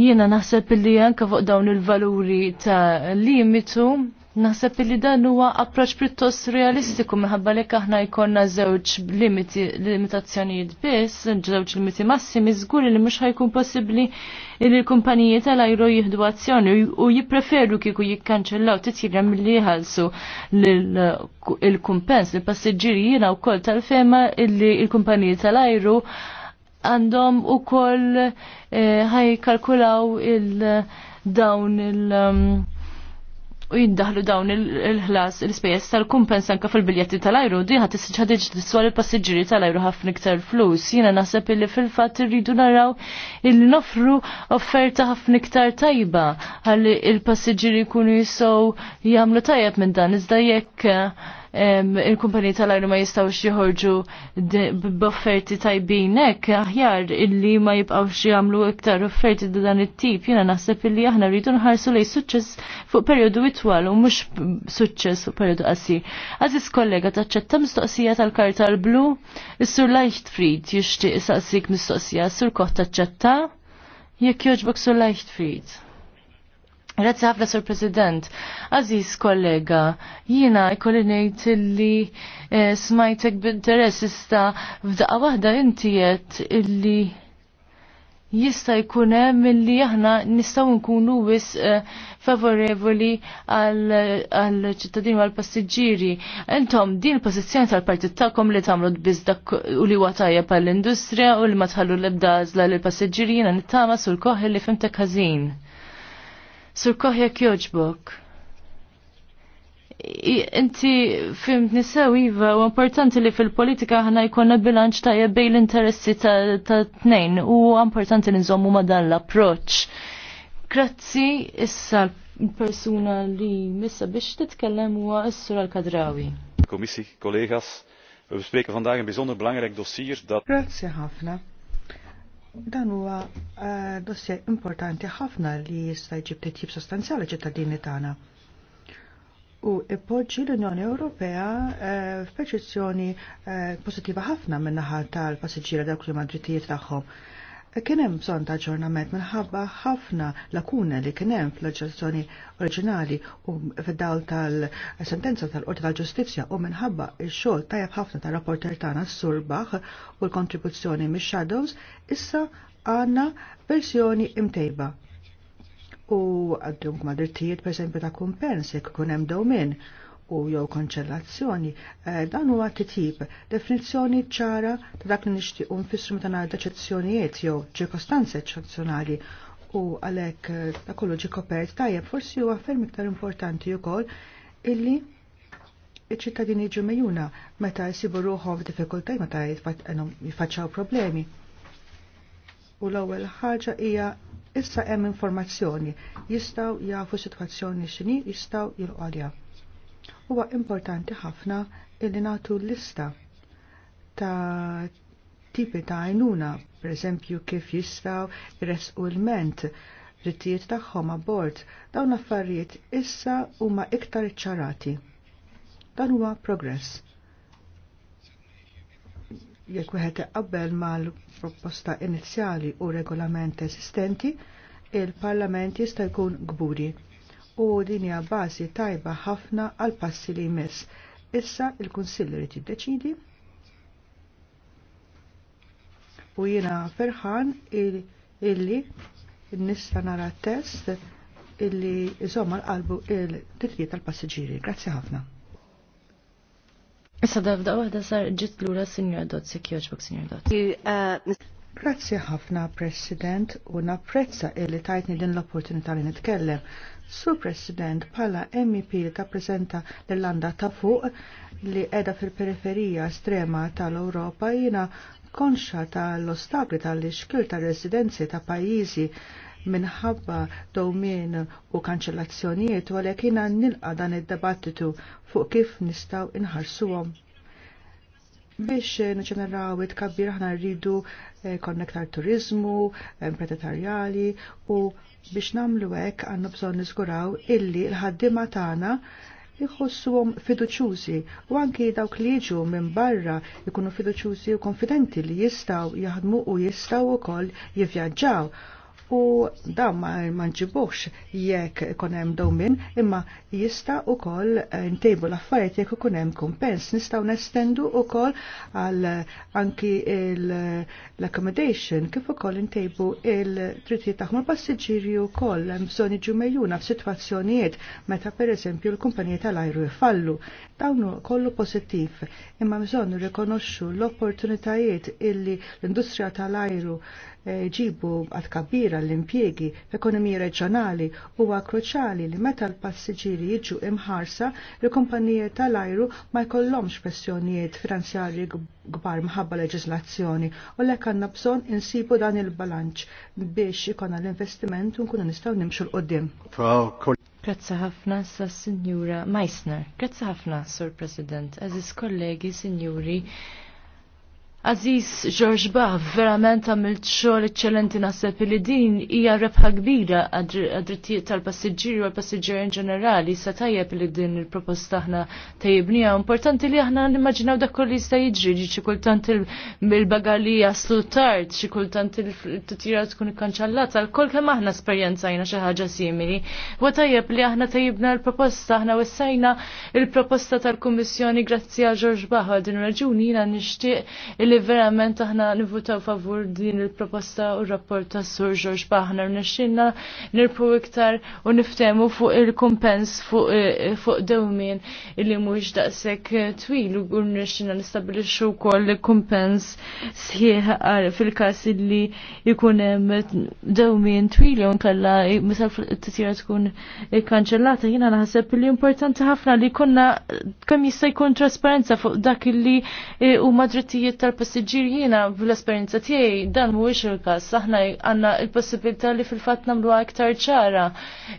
Jiena naħseb li anke fuq dawn il-valuri ta' limitu Naħseb li dan huwa approċċ pjuttost realistiku minħabba li aħna jkollna żewġ limitazzjonijiet biss, żewġ limiti massimi żgur li mhux ħajkun possibbli li l-kumpaniji tal-ajru jieħdu azzjoni u jippreferu kieku jikkanċellaw titjira milli jħallsu l-kumpens li passiġġieri jiena wkoll tal-fema li l-kumpaniji tal-ajru għandhom ukoll eh, ħajkalkulaw il-dawn il- um, u jiddaħlu dawn il-ħlas il-spejjeż tal-kumpens anke fil-biljetti tal-ajru di ħadd ħadiġ tiswar il-passiġġieri tal-ajru ħafna iktar flus. Jiena naħseb illi fil-fatt irridu naraw illi nofru offerta ħafna iktar tajba għalli il-passiġġieri jkunu jisow jagħmlu tajjeb minn dan iżda jekk il-kumpaniji tal-ajru ma jistawx joħorġu b'offerti tajbin aħjar illi ma jibqgħux jagħmlu iktar offerti da dan it-tip jiena naħseb illi aħna rridu nħarsu lej suċċess fuq perjodu itwal u mhux suċċess fuq perjodu qasir. Aziz kollega taċċetta mistoqsija tal-karta l-blu, is-sur Leichtfried jixtieq saqsik mistoqsija, sur Koch taċċetta, jekk jogħġbok sur Leichtfried. Grazzi ħafna Sur President. Aziz kollega, jina jkolli ngħid illi e, smajtek b'interess issa f'daqqa waħda inti illi jista' jkun hemm illi aħna nistgħu nkunu wis eh, favorevoli għal ċittadini u għal passiġġieri. Intom din il-pożizzjoni tal-partit tagħkom li tagħmlu biss dak u li huwa tajjeb għall-industrija u li ma tħallu l-ebda għażla lill passiġġieri jiena nittama sul koħi li fimtek ħażin. Sur koħjak joġbok. Inti fim nisew iva u importanti li fil-politika ħana jkonna bilanċ tajjeb jabbej l-interessi ta' tnejn u importanti li nżommu ma dan l-approċ. Grazzi issa l-persuna li missa biex titkellem huwa s-sura l-kadrawi. Commissie, kollegas, we bespreken vandaag een bijzonder belangrijk dossier dat... Grazie, Hafna. Dan huwa eh, dossier importanti ħafna li jista' jġib titjib sostanzjali ċittadini tagħna. U ipoġġi l-Unjoni Ewropea eh, f'perċezzjoni eh, pożittiva ħafna min-naħa tal-passiġġiera dawk li drittijiet tagħhom kien hemm bżonn ta' aġġornament minħabba ħafna lakuna li kien hemm fl-leġiżlazzjoni oriġinali u fid-dawl tal-sentenza tal-Qorti tal-Ġustizzja u minħabba x-xogħol tajjeb ħafna tar rapporter tagħna s-surbaħ u l-kontribuzzjoni mix-Shadows issa għandna versjoni imtejba. U għaddum ma' drittijiet per ta' kumpens jekk ikun hemm dewmien u jew konċellazzjoni, eh, dan huwa titjib definizzjoni ċara ta' dak li nixtiequ nfissru meta ngħid eċezzjonijiet jew ċirkostanzi eċċezzjonali u għalhekk ta' eh, kollu ġi kopert tajjeb forsi huwa ferm iktar importanti wkoll illi iċ-ċittadini ġu mejuna meta jsibu ruħhom f'diffikultaj meta jiffaċċaw problemi. U l-ewwel ħaġa hija issa hemm informazzjoni, jistgħu jafu sitwazzjoni x'inhi, jistgħu jilqgħu Huwa importanti ħafna illi natu lista ta' tipi ta' għajnuna, per eżempju kif jistaw resqu l-ment, rittijiet tagħhom abbord, dawn affarijiet issa huma iktar iċċarati. Dan huwa progress. Jekk wieħed iqabel mal-proposta inizjali u regolament esistenti, il-Parlament jista' jkun gburi u din hija bażi tajba ħafna għal passi li jmiss. Issa il-Kunsill irid jiddeċidi u jiena ferħan illi nista nara test illi iżomma l-qalbu il-titjiet tal-passiġġieri. Grazzi ħafna. Issa dabda waħda sar ġit lura Sinjor Dozzi, kjoġbok Sinjor Dozzi. Uh, Grazzi ħafna, President, u napprezza illi tajtni din l-opportunità li nitkellem Sur President, pala MEP li tappreżenta l-Irlanda ta' fuq li edha fil-periferija estrema tal-Europa jina konxa tal-ostakli tal-iskil tal-residenzi ta' pajizi minħabba dowmin u kanċellazzjonijiet u għalek jina nilqa dan id-debattitu fuq kif nistaw inħarsuhom biex eh, nġeneraw it-kabbir aħna rridu eh, konnektar turizmu, eh, imprenditorjali u biex namlu hekk għandna bżonn nizguraw illi l-ħaddiema tagħna jħossuhom fiduċjużi u anki dawk li jiġu minn barra jkunu fiduċjużi u konfidenti li jistgħu jaħdmu u jistgħu wkoll jivvjaġġaw u da ma nġibux jekk konem domin imma jista u kol eh, ntejbu l-affarijiet jekk kunem kumpens nistaw nestendu u kol għal anki l-accommodation kif u kol ntejbu il-tritti taħma passiġiri u kol bżoni ġumejjuna f-situazzjonijiet meta per eżempju l-kumpanija tal-ajru jfallu dawnu kollu pozittiv imma bżon rikonoxxu l-opportunitajiet illi l-industrija tal-ajru Eh, ġibu għad kabira l-impjegi ekonomija reġjonali huwa kruċali li meta l-passiġiri jiġu imħarsa l kumpanije tal-ajru ma jkollhomx pressjonijiet finanzjarji gbar mħabba leġislazzjoni u lek għandna bżonn insibu dan il-balanċ biex ikon l-investiment u nkunu nistaw nimxu l-qoddim. Grazzi ħafna sa Signora Meissner. Grazzi ħafna, Sur President. Aziz kollegi, Signori, Aziz George Bach, verament għamilt xogħol eċċellenti naħseb li din hija rebħa kbira għad-drittijiet tal-passiġġieri u l-passiġġieri in ġenerali sa tajjeb li din il-proposta aħna tajjebnija. Importanti li aħna nimmaġinaw dak kollu jista' jiġri, xi kultant il-bagali jaslu tard, xi kultant il-titjira tkun ikkanċallata, l-kol kemm aħna esperjenzajna xi ħaġa simili. Wa tajjeb li aħna tajibna l-proposta, aħna wessajna il-proposta tal-Kummissjoni grazzi għal George Bach għal din raġuni jiena nixtieq illi verament aħna nivutaw favur din il-proposta u rapport ta' Sur George Bahner rnexxinna nirpu iktar u niftemu fuq il-kumpens fuq eh, dewmien illi mhux daqshekk eh, twil u rnexxinna nistabilixxu wkoll kumpens sħiħ eh, fil-każ illi jkun hemm dewmin twil u nkella misal t-tira tkun kanċellata, jiena naħseb li importanti ħafna li konna kemm jista' jkun trasparenza fuq dak illi huma drittijiet tal passiġġier jiena bl-esperjenza tiegħi dan mhuwiex il-każ. Aħna għandna l-possibilità li fil-fatt nagħmluha iktar ċara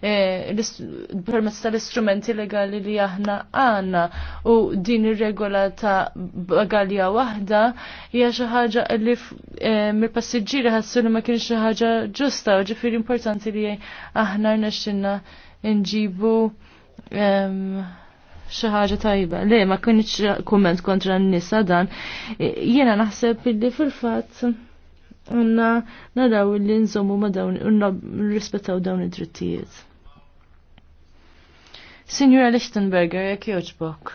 eh, permezz tal-istrumenti legali li aħna għandna u din ir-regola ta' bagalja waħda hija xi ħaġa li eh, mill-passiġġieri ħassu li ma kienx xi ħaġa ġusta u ġifieri importanti li aħna rnexxinna nġibu ehm, xi ħaġa tajba. Le, ma kienx kumment kontra n-nisa dan. Jiena naħseb li fil-fatt għanna li illi nżommu ma dawn, nrispettaw dawn id-drittijiet. Signora Lichtenberger, jek joġbok.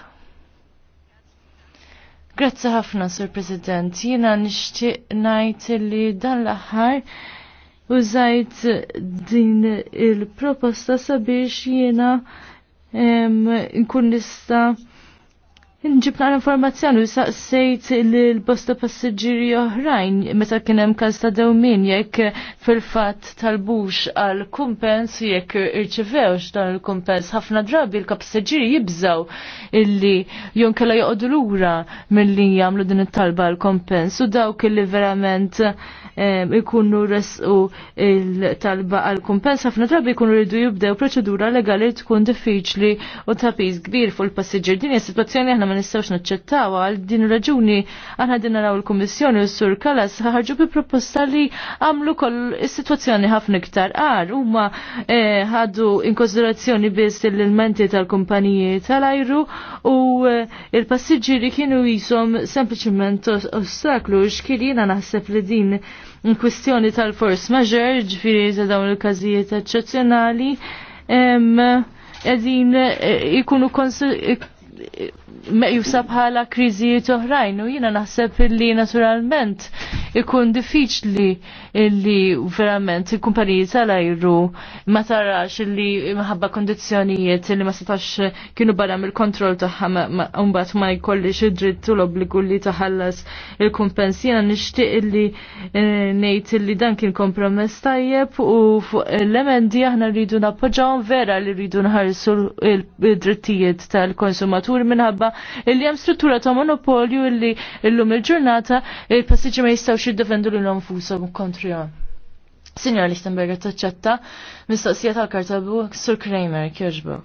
Grazzi ħafna, Sur President. Jiena nixtieq ngħid li dan l-aħħar użajt din il-proposta sabiex jiena nkun nista nġibna l-informazzjoni u saqsejt l-bosta passiġġieri oħrajn meta kien hemm każ ta' dewmin jekk fil-fatt talbux għal kumpens jekk irċivewx dan il-kumpens ħafna drabi l passiġġieri jibżaw illi jon kella joqogħdu lura milli jagħmlu din it-talba għal kumpens u dawk illi verament ikunnu resqu il-talba għal kumpens f'natrabi ikunnu rridu jibdew proċedura legali tkun diffiċli u tapis kbir fuq il-passiġġier. Din hija sitwazzjoni aħna ma nistgħux naċċettaw għal din raġuni aħna din naraw il-Kummissjoni u sur Kalas ħarġu bi proposta li għamlu koll is-sitwazzjoni ħafna iktar qar huma eh, ħadu inkonsiderazzjoni biss l-elementi tal-kumpaniji tal-ajru u eh, il-passiġġieri kienu jisom sempliċement ostaklu x'kien jiena naħseb li din n-kwistjoni tal-force majeure, ġifiri ta' dawn il-kazijiet eccezzjonali, edin eh, ikunu Meqjusab bħala kriżijiet oħrajn u jiena naħseb illi naturalment ikun diffiċli illi verament il-kumpaniji tal-ajru ma tarax illi maħabba kondizjonijiet illi ma setax kienu barra mill kontrol tagħha mbagħad ma jkollix id-dritt u l-obbligu li taħallas il-kumpens. Jiena nixtieq illi eh, nejt illi dan kien kompromess tajjeb u fuq l-emendi aħna rridu nappoġġawhom vera li rridu nħarsu il-drittijiet tal-konsumaturi minħabba minħabba illi hemm struttura ta' monopolju illi llum il-ġurnata il-passiġġi ma jistgħux jiddefendu lilhom nfushom kontrihom. Signor Lichtenberger taċċetta mistoqsija tal-kartabu Sur Kramer Kirchberg.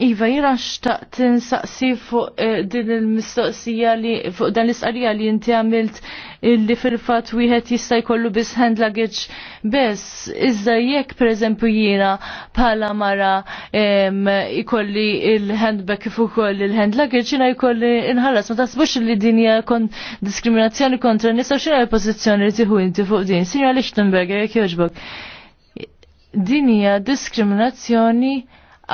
Iva, jira xtaq tinsaqsi fuq eh, din il-mistoqsija li fuq dan l isqarija li inti għamilt li fil-fat wieħed jista' jkollu biss hand luggage biss. Iżda jekk pereżempju jiena bħala mara ikolli il-handbag kif ukoll il-hand luggage jiena jkolli inħallas. Ma tasbux li din hija kon diskriminazzjoni kontra nisa xina l-pożizzjoni li tieħu inti fuq din. Sinja Lichtenberger jekk jogħġbok. Din hija diskriminazzjoni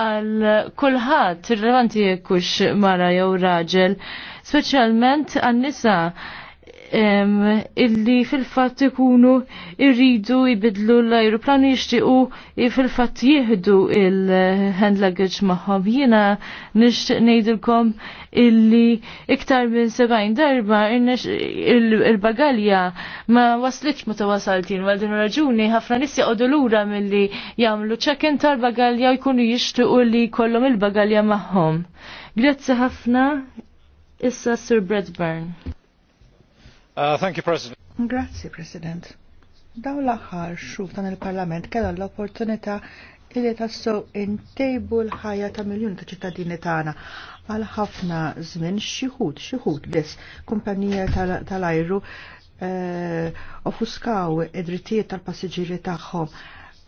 għal kulħadd rilevanti kux mara jew raġel, speċjalment għal nisa illi fil-fatt ikunu irridu ibidlu l-ajruplan jishtiqu fil-fatt jihdu il-hand luggage maħħom. Jena nishtiq nejdilkom illi iktar minn 70 darba il-bagalja ma waslitx ma tawasaltin għal din raġuni ħafna nis jaqodu lura milli jagħmlu check tal-bagalja jkunu jishtiqu li kollom il-bagalja magħhom. Grazzi ħafna issa Sir Bradburn. Uh, thank you, President. Grazie, President. Daw l-aħħar xuf tan il-Parlament kellha l-opportunità illi tassu intejbu l-ħajja ta' miljun ta' ċittadini tagħna għal ħafna żmien xi xiħud biss kumpanija tal-ajru eh, ofuskaw id-drittijiet tal-passiġġieri tagħhom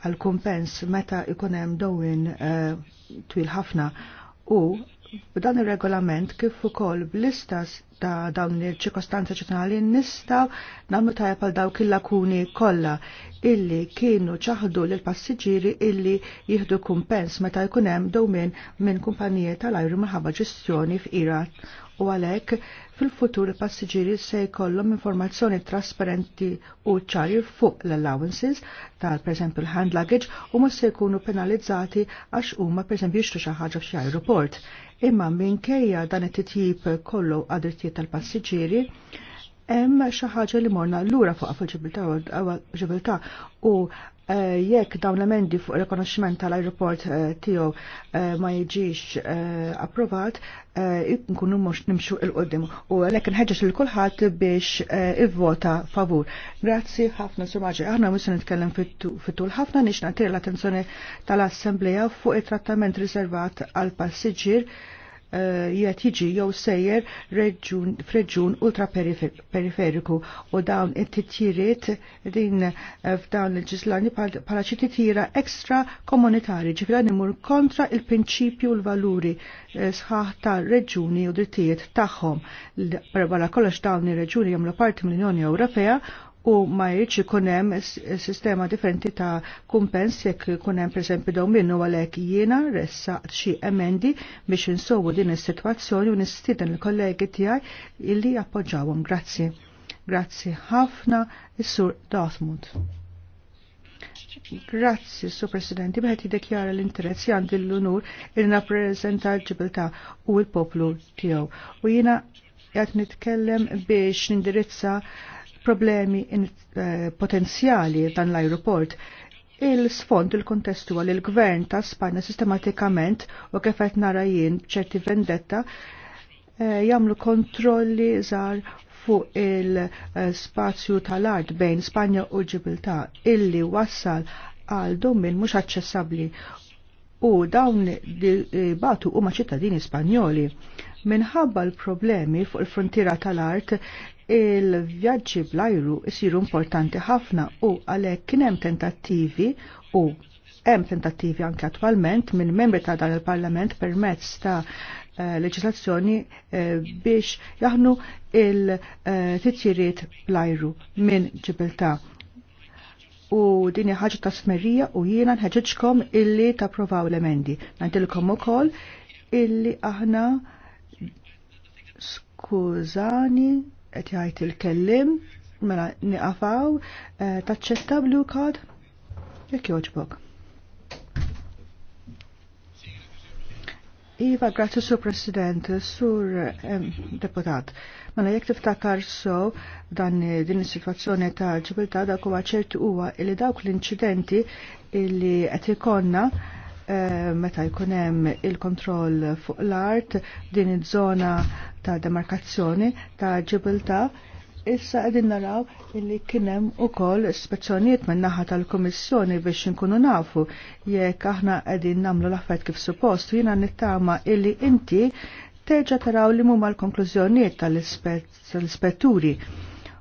għal kumpens meta ikun hemm dowin eh, twil ħafna u b'dan ir-regolament kif ukoll bl-istas ta' dawn il-ċirkostanza ċetonali nistaw namlu tajja għal dawk il-lakuni kollha illi kienu ċaħdu l passiġġieri illi jihdu kumpens meta jkun hemm dowmin minn kumpanije tal-ajru maħabba ġestjoni f'Ira u għalhekk fil-futur il-passiġġieri se jkollhom informazzjoni trasparenti u ċari fuq l-allowances tal pereżempju l-hand luggage u mhux se jkunu penalizzati għax huma pereżempju jixtru xi ħaġa f'xi aeroport. Imma minkejja dan it-titjib kollu għad tal-passiġġieri, hemm xi ħaġa li morna lura fuq ġibilta u eh, jekk dawn l-emendi fuq rekonoxximent tal-aeroport eh, tiegħu eh, ma jiġix approvat, nkunu mhux nimxu il qoddim u għalhekk nħeġġeġ lil kulħadd biex ivvota favur. Grazzi ħafna Sur Maġi. Aħna mhux nitkellem fit-tul ħafna nix nagħtir l-attenzjoni tal-Assembleja fuq it-trattament riservat għal passiġġier jgħet jiġi jew sejjer f'reġjun ultraperiferiku u dawn it-titjiriet din eh, f'dawn il-ġislani bħala xi titjira ekstra komunitari ġifra nimur kontra il-prinċipju u l-valuri eh, sħaħ ta' reġjuni u drittijiet tagħhom. Barbara kollox dawn ir reġuni jagħmlu parti mill-Unjoni Ewropea u ma jridx ikun hemm sistema differenti ta' kumpens jekk ikun hemm esempio dawn minnu għalhekk jiena ressa xi emendi biex insowu din is-sitwazzjoni u nistieden il-kollegi tiegħi illi jappoġġawhom. Grazzi. Grazzi ħafna is-Sur Dartmouth. Grazzi, Su Presidenti, bħet jidekjara l-interess għandi l-unur il rappresenta ġibilta u l-poplu tiegħu. U jiena jgħat nitkellem biex nindirizza problemi eh, potenzjali dan l-aeroport il-sfond il-kontestu għal il-gvern ta' Spanja sistematikament u kifet nara jien ċerti vendetta eh, jamlu kontrolli zar fuq il-spazju tal-art bejn Spanja u Ġibilta illi wassal għal domin mhux aċċessabbli u dawn batu huma ċittadini Spanjoli Minħabba l-problemi fuq il-frontiera tal-art, il-vjaġġi bl-ajru isiru importanti ħafna u għalhekk kien hemm tentattivi u hemm tentattivi anke attwalment minn membri ta' dan il-Parlament permezz ta' eh, leġislazzjoni eh, biex jaħnu il-titjiriet blajru minn ġibilta. U din ħaġa ta' smerija u jiena nħeġġkom illi ta' provaw l-emendi. Nantilkom ukoll illi aħna skużani, qed jgħid il-kellim, mela niqafaw, eh, taċċetta blue card, jekk joġbok. Iva, grazzi Sur President, Sur Deputat. Mela jekk tiftakar so dan din is-sitwazzjoni ta' ġibilta dak huwa ċertu huwa li dawk l-inċidenti li qed ikonna Eh, meta jkunem hemm il-kontroll fuq l-art din iż-żona ta' demarkazzjoni ta' ġibilta Issa għedin naraw illi kienem u kol speċjoniet minn naħa tal-Komissjoni biex nkunu nafu jekk aħna għedin namlu l kif suppost jina nittama illi inti terġa taraw li mumma l-konklużjoniet tal-ispetturi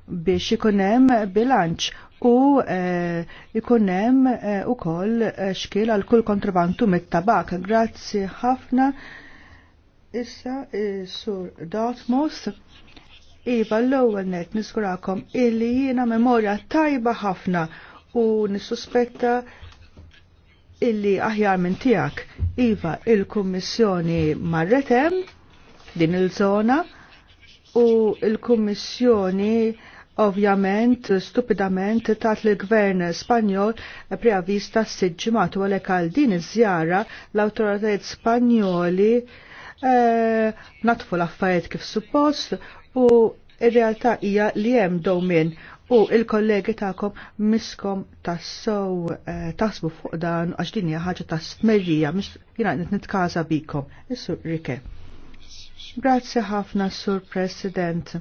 biex ikunem bilanċ u eh, ikun hemm eh, ukoll eh, xkil għal kull kontrabantu mit-tabak. Grazzi ħafna issa sur Dartmouth. Iva l-ewwel net niskurakom illi jiena memorja tajba ħafna u nissuspetta illi aħjar minn tiegħek. Iva il-Kummissjoni marretem din il-żona u il-Kummissjoni ovvjament stupidament tat li gvern Spanjol preavvis ta' s-sġimatu għalek għal din iż-żjara l-autoritajiet Spanjoli eh, natfu l-affarijiet kif suppost u il realtà hija li hemm dowmin u il-kollegi tagħkom miskom tassow eh, tasbu fuq dan għax din hija ħaġa ta' smerrija mis jiena nitkaża bikom. Is-Sur Rike. Grazzi ħafna Sur President.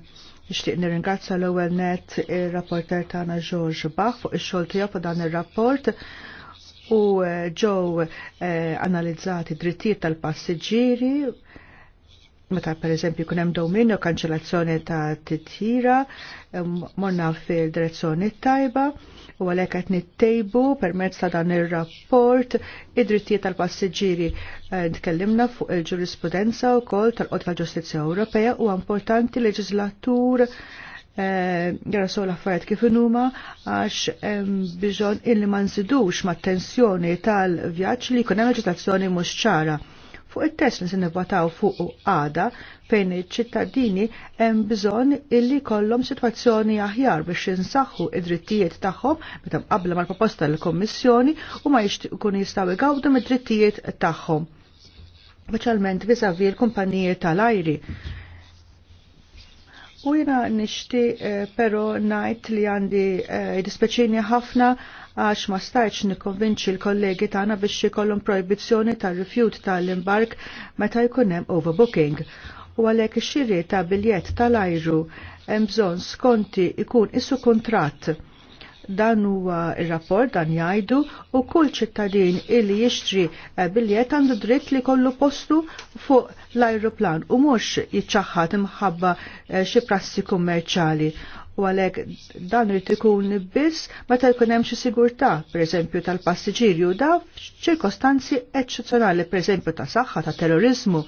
Nixtieq nirringazza l-ewwel net ir-rapporter tagħna George Bach fuq ix-xogħol tiegħu f'dan dan ir-rapport u eh, ġew eh, analizzati drittijiet tal-passiġġieri meta per eżempju kunem domin u kanċellazzjoni ta' titjira, morna fil-direzzjoni tajba u għalek għet nittejbu permezz ta' dan il-rapport id-drittijiet tal-passiġġieri. Eh, tkellimna fuq il-ġurisprudenza u kol tal-Qodfa Ġustizja Ewropea u importanti leġislatur għara eh, sol affarijiet kif inhuma għax bżonn illi ma nżidux ma' tensjoni tal-vjaġġ li jkun hemm leġislazzjoni mhux ċara fuq it-test li se nivvotaw fuq għada fejn iċ-ċittadini hemm bżonn illi kollhom sitwazzjoni aħjar biex jinsaħħu id-drittijiet tagħhom meta qabla mal-proposta l-Kommissjoni u ma jkun jistgħu jgawdu mid-drittijiet tagħhom. Speċjalment viżavi l-kumpaniji tal-ajri. U jina nishti eh, però pero najt li għandi eh, dispeċini ħafna għax ma stajċ nikonvinċi l-kollegi tagħna biex ikollhom projbizzjoni tar-rifjut tal-imbark meta jkun hemm overbooking. U għalhekk ix-xiri ta' biljett tal-ajru hemm bżonn skonti ikun isu kontratt dan huwa ir-rapport dan jgħidu u kull ċittadin illi jixtri eh, biljett għandu dritt li kollu postu fuq l ajruplan u mhux jiċċaħħad imħabba eh, xi prassi kummerċjali u għalhekk dan irid ikun biss meta jkun hemm xi sigurtà, pereżempju tal passiġirju u ċirkostanzi f'ċirkostanzi eċċezzjonali, pereżempju ta' saħħa ta' terrorizmu.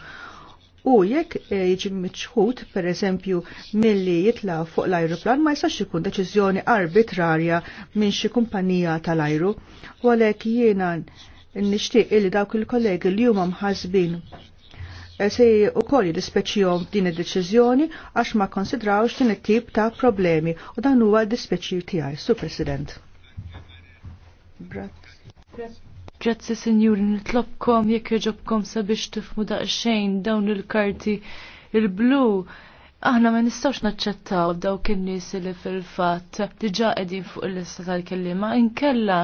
U jekk eh, jiġi miċħut, pereżempju, milli jitla fuq l-ajruplan ma jistax ikun deċiżjoni arbitrarja minn xi kumpanija tal-ajru, u għalhekk jiena nixtieq illi dawk il-kollegi li huma mħasbin Eh, se u koll jidispeċijom din id deċiżjoni għax ma konsidrawx din it-tip ta' problemi u dan huwa dispeċiju tiegħi, Sur President. Grazzi sinjur nitlobkom jekk joġobkom sabiex tifmu daqsxejn dawn il-karti il-blu. Aħna ma nistawx naċċettaw dawk in-nies li fil-fatt diġà qegħdin fuq il-lista tal-kelliema inkella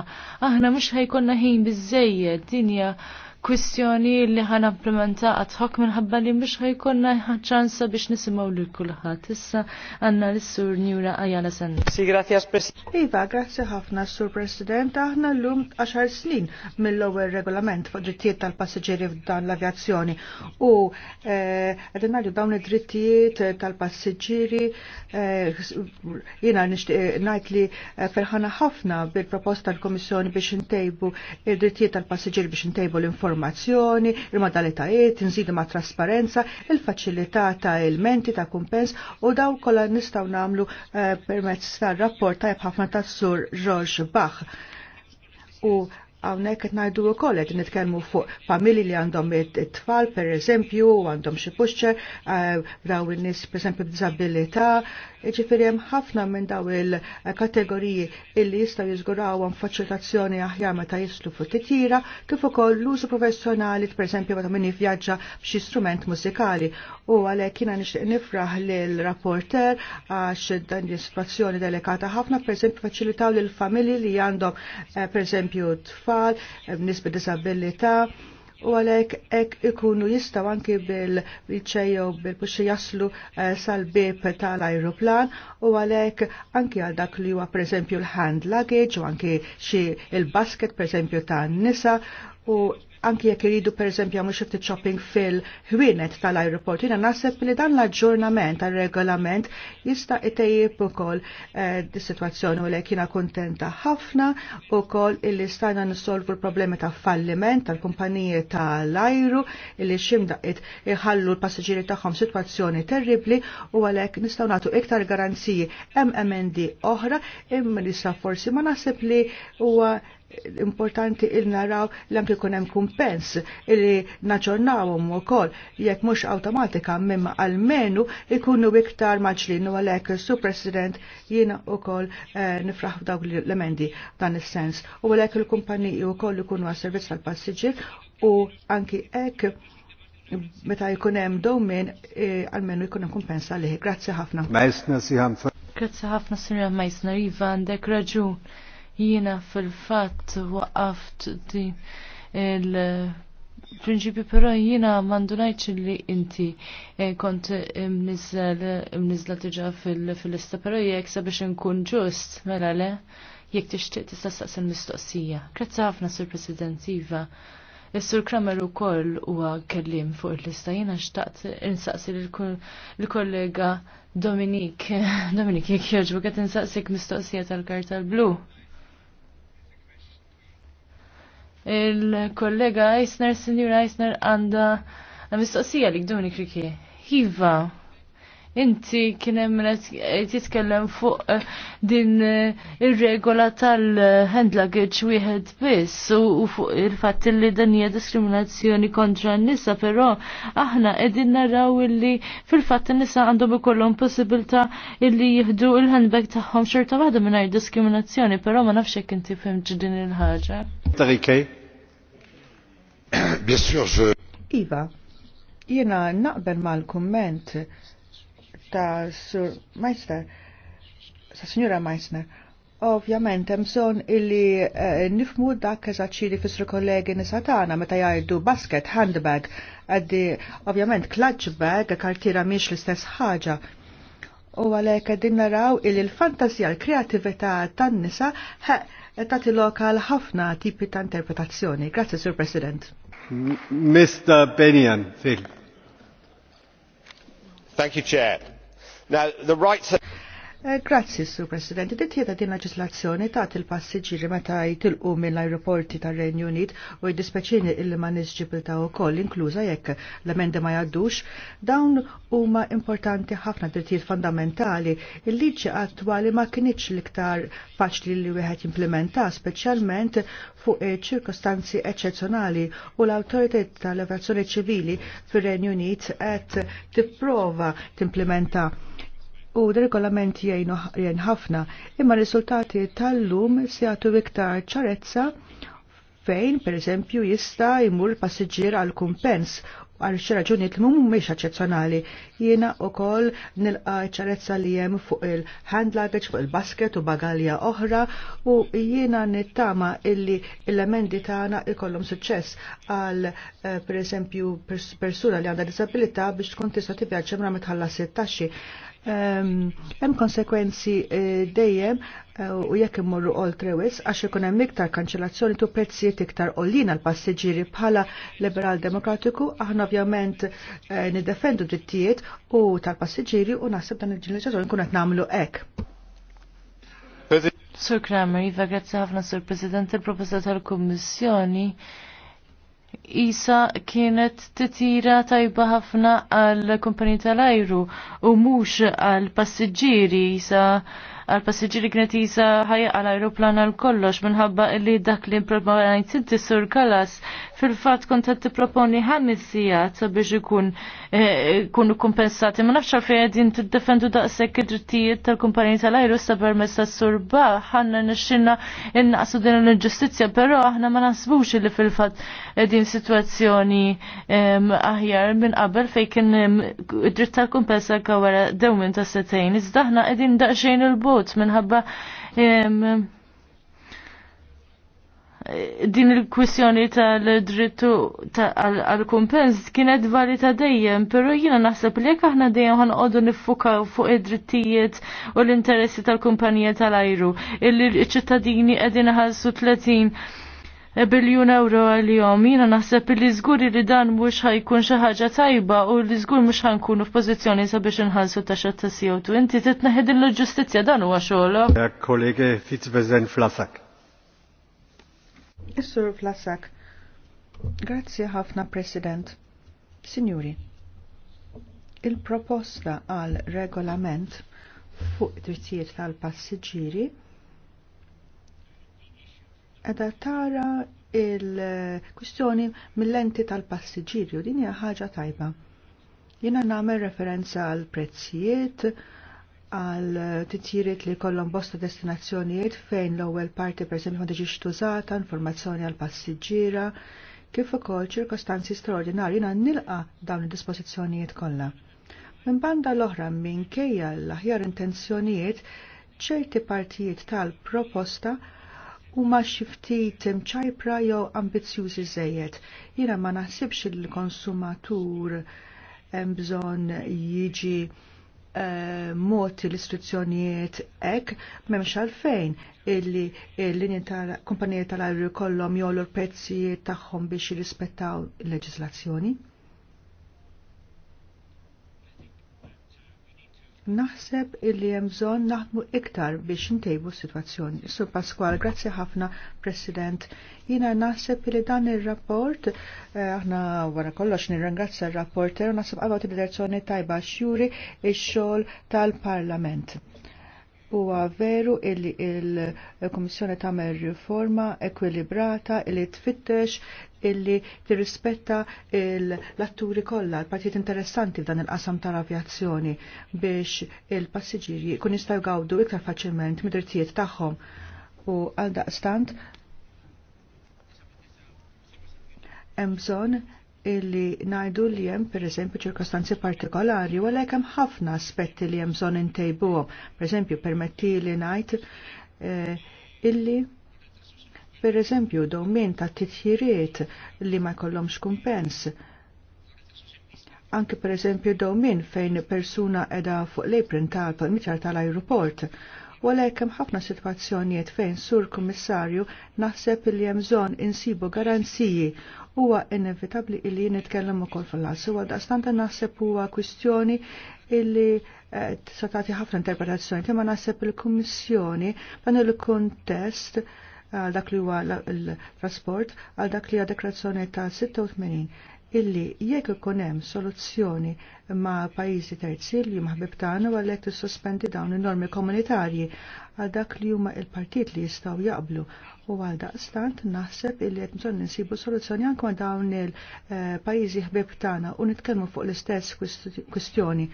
aħna mhux ħajkonna ħin biżejjed dinja kwistjoni li ħan implementa għadħok minħabba li mhux ħajkonna ċansa biex nisimgħu lil kulħadd. Issa għandna l-Sur Njura Ajala Sen. Si, grazie President. Iva, grazzi ħafna Sur President. Aħna llum għaxar snin mill-ewwel regolament fuq drittijiet tal-passiġġieri f'dan l-avjazzjoni. U qegħdin eh, nagħdu dawn id-drittijiet tal-passiġġieri eh, jiena nixtieq eh, ngħid li ferħana ħafna bil-proposta tal-Komissjoni biex intejbu id-drittijiet tal-passiġġieri biex intejbu l-informazzjoni l-informazzjoni, il-modalitajiet, nżidu ma' trasparenza, il-faċilità ta' il-menti ta' kumpens u daw kollha nistgħu nagħmlu eh, permezz tar-rapport ta' ħafna tas-sur George Bach. U għawnek qed ngħidu wkoll qed nitkellmu fuq familji li għandhom it-tfal pereżempju għandhom xi puxċer eh, daw in-nies pereżempju b'diżabilità Ġifieri hemm ħafna minn daw il-kategoriji illi jistgħu jiżgurawhom faċilitazzjoni aħjar meta jislu fuq titjira kif ukoll l-użu professjonali pereżempju meta min jivvjaġġa b'xi strument mużikali. U għalhekk jiena nixtieq nifraħ lil rapporter għax dan l-ispazjoni delikata ħafna pereżempju faċilitaw lil familji li għandhom eh, pereżempju tfal, eh, nisbi disabilità, u għalek ek ikunu jistaw anki bil-ċejja eh, u bil-puxi jaslu sal-bib tal-aeroplan u għalek anki għal dak li huwa per l-hand luggage u anki xi il-basket preżempju ta' nisa u anki jekk iridu pereżempju għamlu xifti shopping fil-ħwienet tal-ajruport. Jiena naħseb li dan l-aġġornament tal-regolament jista' itejjeb ukoll eh, sitwazzjoni u lek jiena kuntenta ħafna ukoll illi stajna nissolvu l-problemi ta' falliment tal-kumpaniji tal-ajru illi ximdaqit iħallu l-passiġġieri tagħhom sitwazzjoni terribli u għalhekk nistgħu nagħtu iktar garanziji hemm MMD oħra imma nista' forsi ma naħseb li huwa importanti il naraw l kunem kumpens hemm kumpens naċornawum naġġornawhom ukoll jekk mhux awtomatika minn għalmenu ikunu iktar maġlin u għalhekk su President jiena kol eh, nifraħ dawg l-emendi dan is-sens u għalhekk il-kumpaniji kol ikunu għas-servizz tal passiġi u anki hekk meta jkun hemm dowmin ikunem eh, jkun hemm Grazie liħi. Grazzi ħafna. Grazzi ħafna Sinja Majsna Ivan, dek raġun jiena fil-fatt waqqaft din il-prinċipju però jiena mandunajċ li inti eh, kont imnizla tiġa fil-lista però jek sabiex nkun ġust mela le jek tixtieq tista' il mistoqsija. Grazzi ħafna sur President Iva. Is-Sur Kramer ukoll huwa kellim fuq il-lista jiena xtaqt insaqsi l-kollega Dominik, Dominik, jek joġbu għet insaqsik mistoqsija tal kartal blu Il-kollega Eisner, Senior Eisner, għanda mistoqsija li gduni kriki. Hiva, Inti kienem jitkellem eh, fuq eh, din eh, ir-regola tal-hand luggage wieħed biss u fuq il-fatt li dan hija diskriminazzjoni kontra n-nisa, però aħna qegħdin naraw illi fil-fatt n-nisa għandhom ikollhom possibilità illi jieħdu il-handbag tagħhom xorta waħda mingħajr diskriminazzjoni, però ma nafx hekk inti fehmx din il-ħaġa. Iva, jena naqbel mal-komment ta' Sir Meissner, sa' Signora Meissner, Ovvjament, hemm illi eh, nifmu dak eżaċċili fissru kollegi nisatana meta jajdu basket, handbag, għaddi ovvjament clutch bag, kartira miex l-istess ħaġa. U għalek qegħdin naraw illi l-fantasija, l-kreatività tan-nisa tagħti lokal ħafna tipi ta' interpretazzjoni. Grazie, Sir President. Mr. Benian, Phil. Thank you, Chair. Now, the rights Eh, grazzi, Sur President. Dittieta din leġislazzjoni ta' il-passiġġieri meta jitilqu mill-aeroporti tar renju Unit u jiddispeċini li ma nisġibilta ukoll inkluża jekk l-emendi ma jgħaddux, dawn huma importanti ħafna drittijiet fundamentali. Il-liġi attwali ma kinitx l-iktar faċli li wieħed jimplementa, speċjalment fuq e ċirkostanzi eċċezzjonali u l-awtoritajiet tal-aviazzjoni ċivili fir renju Unit qed tipprova timplementa u d-regolament jgħin ħafna, imma r-riżultati tal-lum se jagħtu iktar ċarezza fejn, per eżempju, jista jmur passiġġier għal kumpens għal xi raġunijiet li mhumiex eċċezzjonali. Jiena wkoll nilqa ċarezza li hemm fuq il-hand luggage, fuq il-basket u bagalja oħra u jiena nittama illi l-emendi tagħna ikollhom suċċess għal eh, pereżempju persuna li għandha disabilità biex tkun tista' tivvjaġġa mra mitħallas it-taxxi hemm konsekwenzi eh, dejjem eh, u jekk immorru oltre wis għax ikun hemm iktar kanċellazzjoni tu prezzijiet iktar qollina għal passiġġieri bħala liberal demokratiku aħna ovvjament eh, niddefendu drittijiet u tal-passiġġieri u naħseb dan il-ġenerazzjoni nkun qed nagħmlu hekk. Sur Kramer, jiva grazzi ħafna sur President il-proposta tal-Kommissjoni isa kienet titira tajba ħafna għal kumpani tal-ajru u mhux għal passiġġieri isa għal passiġiri kienet isa ħajja għal aeroplan għal kollox minħabba illi dak li proponajt inti sur kalas fil-fatt kont qed tipproponi ħames sigħat sabiex ikun eh, ikunu kompensati. Ma nafx għalfejn qegħdin tiddefendu daqshekk id-drittijiet tal kumpanij tal-ajru sa permezz tas-surba ħanna nixxinna innaqsu din l ġustizja però aħna ma naħsbux li fil fat din sitwazzjoni aħjar minn qabel fejn kien id-dritt tal-kumpensa kawara dewmin ta' setejn. izdaħna għedin qegħdin daqsxejn il-bot vot minħabba din il-kwissjoni tal-drittu għal-kumpens kienet valita dejjem, pero jina naħseb li jekk aħna dejjem ħanqodu nifukaw fuq id-drittijiet u l-interessi tal-kumpanija tal-ajru, illi ċittadini qegħdin ħalsu 30 E' biljun euro għal-jom. Jina naħseb li zgur li dan mhux ħajkun xi ħaġa tajba u li żgur mhux ħankunu f'pożizzjoni sabiex inħallsu taxxa ta' CO2. Inti titneħed il-ġustizzja dan huwa għaxolo Ja kollegi Fitzbezen Flasak. Issur Flasak. Grazzi ħafna President. Signori, il-proposta għal regolament fuq drittijiet tal-passiġġieri edha tara il-kwistjoni mill-lenti tal-passiġirju, din hija ħaġa tajba. Jiena nagħmel referenza għal prezzijiet, għal titjiriet li kollom bosta destinazzjonijiet fejn l-ewwel parti pereżempju ma tiġix tużata, informazzjoni għal passiġġiera, kif ukoll ċirkostanzi straordinarji jiena nilqa dawn id-dispożizzjonijiet kollha. Minn banda l-oħra minkejja l-aħjar intenzjonijiet ċerti partijiet tal-proposta huma xi ftit mċajpra jew ambizjużi żejjed. Jiena ma naħsibx il-konsumatur hemm bżonn jiġi Uh, l-istruzzjonijiet ek memx għalfejn illi l-linja tal-kumpanija tal-ajru kollom jollu l-prezzijiet tagħhom biex jirrispettaw il-leġislazzjoni. Naħseb illi hemm bżonn naħdmu iktar biex intejbu s-sitwazzjoni. Sur Pasqual, grazzi ħafna, President. Jina naħseb illi dan ir-rapport, eh, aħna wara kollox nirrangrazzja r-rapporter u naħseb il direzzjoni tajba xjuri ix-xogħol tal-Parlament. Huwa veru illi il-Komissjoni tagħmel riforma ekwilibrata illi tfittex illi tirrispetta l-atturi kollha l-partijiet interessanti f'dan il-qasam tal-avjazzjoni biex il-passiġġieri kun jistgħu jgawdu iktar faċilment mid-drittijiet tagħhom. U għal daqstant hemm bżonn illi najdu li jem per eżempju ċirkostanzi partikolari u għalek hemm ħafna aspetti li jem zon intejbuhom. Per eżempju permetti li najt eh, illi per eżempju domin ta' titjiriet li ma jkollhomx kumpens. Anke per eżempju domin fejn persuna edha fuq lejprin tal-palmiċar tal-aeroport. tal palmiċar tal tal aeroport Walek hemm ħafna sitwazzjonijiet fejn sur kummissarju naħseb li hemm bżonn insibu garanziji huwa inevitabbli illi nitkellem ukoll fil-ħas. Huwa daqstant naħseb huwa kwistjoni illi tista' tagħti ħafna interpretazzjoni, imma naħseb il-Kummissjoni dan il-kuntest għal dak li huwa l-trasport għal dak li għad dekrazzjoni ta' 86 illi jekk ikun hemm soluzzjoni ma' pajjiżi terzi li huma ħbib tagħna u għalhekk tissospendi dawn in-normi komunitarji għal dak li huma l-partit li jistgħu jaqblu u għal daqstant naħseb illi qed bżonn insibu soluzzjoni anke ma' dawn il-pajjiżi eh, ħbib tagħna u nitkellmu fuq l-istess kwistjoni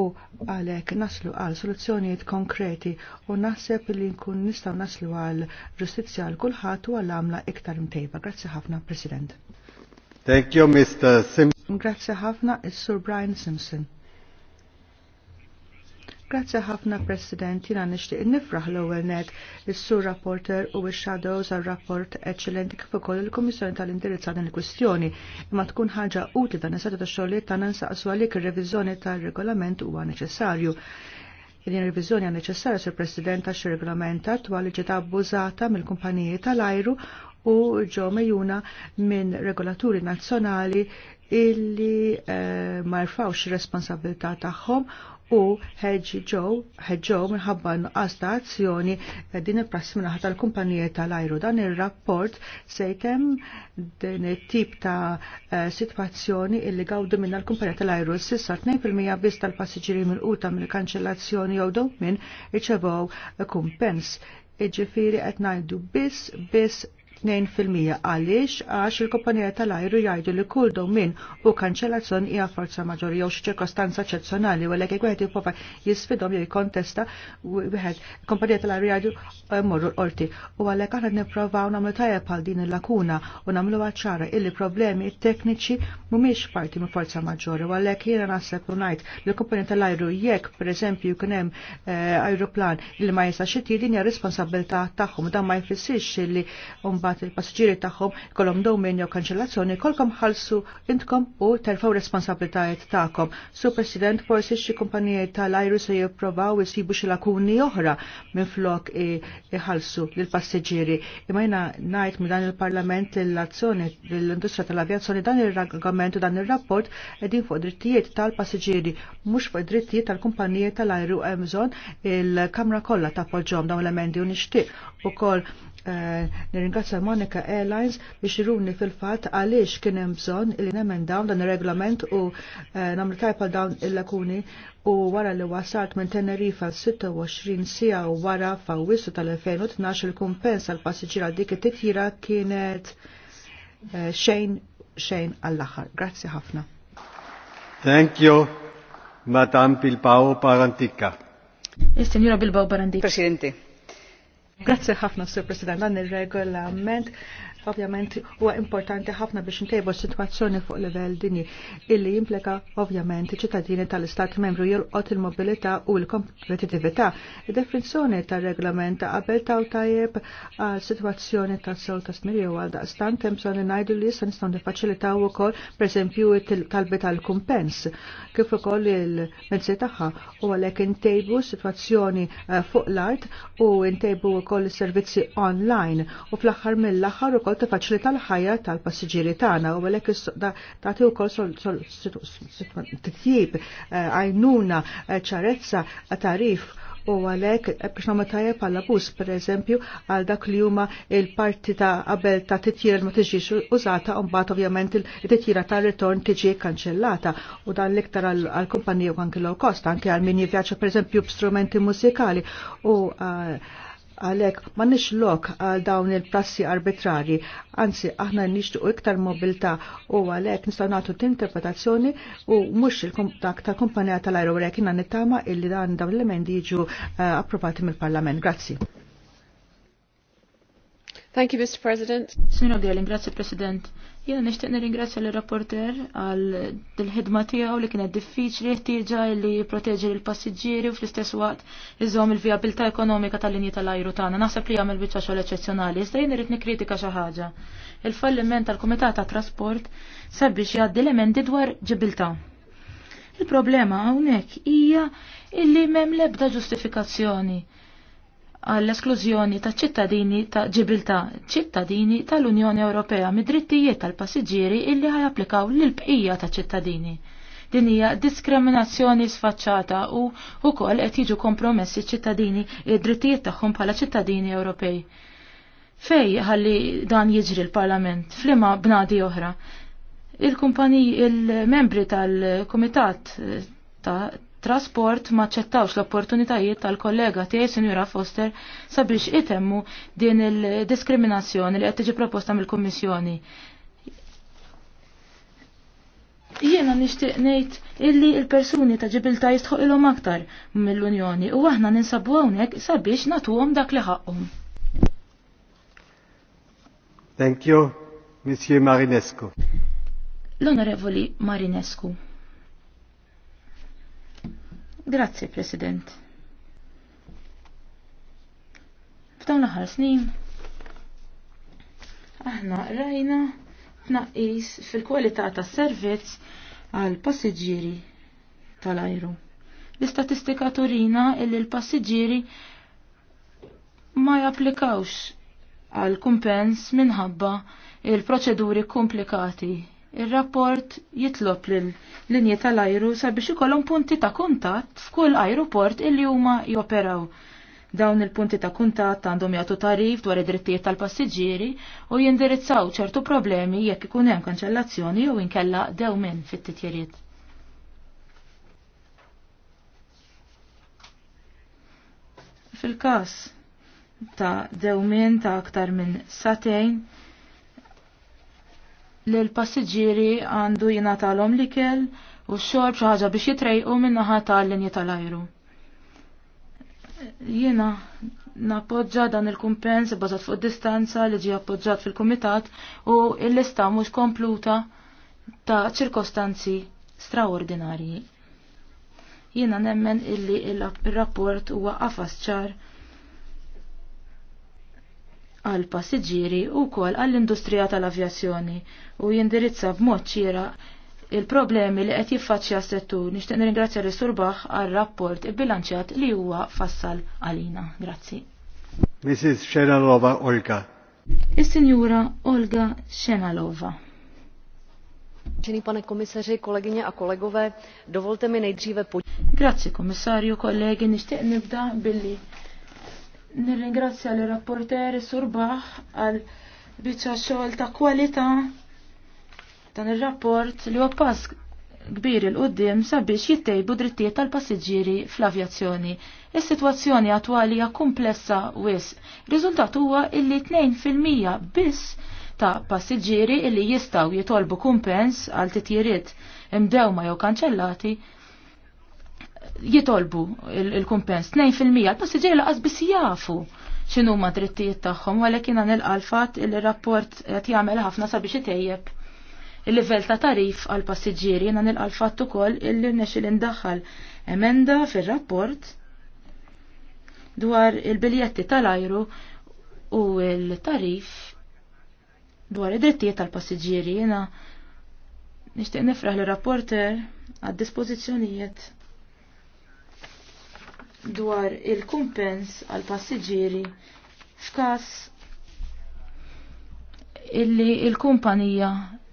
u għalhekk naslu għal soluzzjonijiet konkreti u naħseb li nkun nistgħu naslu għal ġustizzja għal kulħadd u għal għamla iktar mtejba. Grazzi ħafna, President. Thank you, Mr. Simpson. Grazie ħafna, is-Sur Brian Simpson. Grazie ħafna President, jina nishtiq nifraħ l-ewwel net is-sur rapporter u x-shadows għal rapport eċċellenti kif ukoll il-Kummissjoni tal-indirizz din il-kwistjoni imma tkun ħaġa utli dan is-seta ta' xogħlijiet tagħna nsaqsu għalik ir-reviżjoni tar-regolament huwa neċessarju. Din ir-reviżjoni għal neċessarja sur President għax regolamenta regolament attwali ġiet abbużata mill-kumpaniji tal-ajru u ġo mejuna minn regolaturi nazzjonali illi eh, marfawx responsabilità tagħhom u ħeġġow minħabba nuqqas ta' azzjoni eh, din il-prassi naħat tal-kumpanijiet tal-ajru. Dan ir-rapport sejtem din it-tip ta' eh, sitwazzjoni illi gawdu minna l-kumpanijiet tal-ajru. Sissa 2% biss tal-passiġġieri mill-quta mill-kanċellazzjoni jew dawn minn irċevew kumpens. Iġifiri qed ngħidu biss biss 2% għaliex għax il-kompanija tal-ajru jgħidu li kull domin u kanċellazzjon hija forza maġġori jew xi ċirkostanza eċċezzjonali u għalhekk jekk wieħed jipprova jisfidhom jew jikkontesta wieħed kompanija tal-ajru jgħidu eh, morru l-qorti. U għalhekk aħna nipprovaw nagħmlu tajjeb għal din il-lakuna u nagħmlu ċara illi problemi tekniċi mhumiex parti minn forza maġġori u għalhekk jiena naħseb u ngħid li l-kumpanija tal-ajru jekk pereżempju kien hemm eh, ajruplan li ma jistax din hija responsabilità tagħhom dan ma jfissirx li mbagħad il-passiġġieri tagħhom kolom domin jew kanċellazzjoni kolkom ħalsu intkom u telfaw responsabilitajiet tagħkom. Su President forsi xi kumpanijiet tal-ajru se jipprovaw jisibu xi lakuni oħra minflok iħallsu lil passiġġieri. Imma Imajna ngħid minn dan il-Parlament l-azzjoni l-industrija tal-avjazzjoni dan ir ragament u dan ir-rapport qegħdin fuq drittijiet tal-passiġġieri mhux fuq drittijiet tal-kumpaniji tal-ajru hemm il-Kamra kollha tappoġġhom dawn l-emendi u nixtieq ukoll Eh, nirringrazzja Monica Airlines biex iruni fil-fatt għaliex kien hemm bżonn li nemmen dawn dan ir-reglament u eh, nagħmlu tajpa dawn il-lakuni u wara li wasart minn Tenerifa 26 sija u wara f'Awwissu tal-2012 il-kumpensa l-passiġġiera dik it-titjira kienet eh, xejn xejn għall-aħħar. Grazzi ħafna. Thank you, Madam Bilbao Barandica. Is-Senjura Bilbao Barandica. Presidente. Grazie ħafna, Sir President, dan il-regolament ovvjament huwa importanti ħafna biex nkejbu s-sitwazzjoni fuq livell dinji illi jimplika ovvjament ċittadini tal-Istat membru jolqot il-mobilità u l-kompetitività. il definizzjoni tar-reglament ta' qabel taw tajjeb għal sitwazzjoni tas sol ta' smirju għal daqstant hemm bżonn najdu li issa nistgħu niffaċilitaw ukoll pereżempju talbi tal-kumpens kif ukoll il medzi tagħha u għalhekk intejbu s-sitwazzjoni eh, fuq l-art u ntejbu wkoll is-servizzi online u fl-aħħar mill-aħħar ukoll wkoll tifaċilita l-ħajja tal-passiġġieri tagħna u għalhekk tagħti wkoll titjib eh, għajnuna eh, ċarezza tarif u għalek eh, biex namlu tajjeb għal bus pereżempju għal dak li huma il-parti ta' qabel ta' titjira ma tiġix użata u mbagħad ovvjament il-titjira tar ritorn tiġi kanċellata u dan l-iktar għall kumpanija u anke low cost anke għal min jivvjaġġa pereżempju b'strumenti mużikali u Għalek, ma nix lok għal dawn il-prassi arbitrari, anzi, aħna nixtu iktar mobilta u għalek nistaw natu t-interpretazzjoni u mux il-kontak ta' kompanija tal-ajru għalek jina nittama illi dan dawn l-emendi ġu eh, approvati mill-parlament. Grazzi. Thank you, Mr. President. Sinu Gerling, grazie, President. Jena nishtiq nirringrazzja l-rapporter għal dil-ħidma tiegħu li kienet diffiċli ħtieġa li jipproteġi l-passiġġieri u fl-istess waqt iżomm il-vijabilità ekonomika tal-linji tal-ajru tagħna. Naħseb li jagħmel biċċa xogħol eċċezzjonali, iżda jien irid nikkritika xi ħaġa. Il-falliment tal-Kumitat ta' Trasport sabiex jgħaddi elementi dwar ġibilta. Il-problema hawnhekk hija illi m'hemm l-ebda ġustifikazzjoni għall-esklużjoni ta' ċittadini ta' ġibilta ċittadini tal-Unjoni Ewropea mid-drittijiet tal-passiġġieri illi ħajapplikaw l bqija ta' ċittadini. Din hija diskriminazzjoni sfaċċata u wkoll qed jiġu kompromessi ċittadini id-drittijiet tagħhom bħala ċittadini Ewropej. Fej ħalli dan jiġri l-Parlament flima bnadi oħra. Il-kumpaniji il-membri tal-Kumitat ta' trasport ma ċettawx l-opportunitajiet tal-kollega tiegħi Sinjura Foster sabiex itemmu din il-diskriminazzjoni li qed tiġi proposta mill-Kummissjoni. Jiena nixtieq ngħid illi l-persuni ta' ġibilta jistħu ilhom aktar mill-Unjoni u aħna ninsabu hawnhekk sabiex nagħtuhom dak li ħaqhom. Thank you, Monsieur Marinescu. L-Onorevoli Marinescu. Grazzi, President. F'dawn l-aħħar snin aħna rajna tnaqqis fil-kwalità tas-servizz għal passiġġieri tal-ajru. L-istatistika turina illi l-passiġġieri ma japplikawx għal kumpens minħabba il-proċeduri komplikati Ir-rapport jitlob l linje tal-ajru sabiex ikollhom punti ta' kuntatt f'kull ajruport illi huma joperaw. Dawn il-punti ta' kuntatt għandhom jagħtu tarif dwar id-drittijiet tal-passiġġieri u jindirizzaw ċertu problemi jekk ikun hemm kanċellazzjoni jew inkella dew minn fit-titjiriet. Fil-każ ta' dewmien ta' aktar minn satejn, li l-passiġġieri għandu jingħatalhom l-ikel u x-xorb xi ħaġa biex jitrejqu min-naħa tal-linji tal-ajru. Jiena nappoġġa dan il-kumpens bbażat fuq distanza li ġie appoġġat fil-kumitat u l-lista mhux kompluta ta' ċirkostanzi straordinarji. Jiena nemmen illi il-rapport huwa qafas ċar għal passiġġieri u kol għall-industrija tal-avjazzjoni u jindirizza b'mod ċira il-problemi li qed jiffaċċja s-settur. Nixtieq nirringrazzja l surbaħ għal rapport bilanċjat li huwa fassal għalina. Grazzi. Mrs. Shenalova Olga. Is-Sinjura Olga Shenalova. Vážený pane komisaři, kolegyně a kolegové, dovolte mi nejdříve poděkovat. Grazie komisario, kolegi, nixtieq nibda billi Nirringrazzja l rapporter Surbaħ għal biċċa xogħol ta' kwalità dan ir-rapport li huwa pass kbir il qudiem sabiex jittejbu drittijiet tal-passiġġieri fl-avjazzjoni. Is-sitwazzjoni attwali hija komplessa wis. Riżultat huwa illi 2% biss ta' passiġġieri illi jistgħu jitolbu kumpens għal titjiriet imdewma jew kanċellati jitolbu il-kumpens 2% l-passiġġieri laqas biss jafu x'inhu ma drittijiet tagħhom għalhekk jiena nilqa' fatt il-rapport qed jagħmel ħafna sabiex itejjeb il-livell ta' tarif għal passiġġieri jiena nilqa' fatt ukoll illi nexil indaħħal emenda fir-rapport dwar il-biljetti tal-ajru u il-tarif dwar id-drittijiet tal-passiġġieri jiena nixtieq nifraħ li rapporter għad dispożizzjonijiet dwar il-kumpens għal passiġġieri f'każ illi il-kumpanija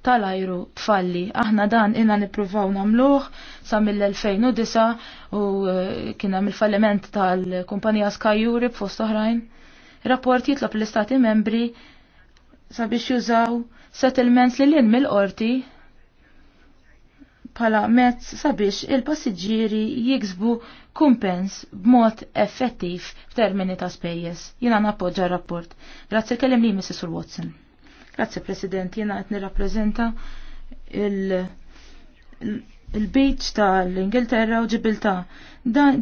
tal-ajru tfalli. Aħna dan inna nipruvaw namluħ sa mill-2009 u eh, kien hemm il-falliment tal-kumpanija Sky Europe fost oħrajn. Rapport jitlob l-istati membri sabiex jużaw settlements li l-in mill-qorti pala mezz sabiex il-passiġġieri jiksbu kumpens b'mod effettiv f'termini ta' spejjeż. Jiena nappoġġa r-rapport. Grazzi kellem li Mrs. Watson. Grazzi President, jiena qed nirrappreżenta il- il-beach tal-Ingilterra u Ġibilta.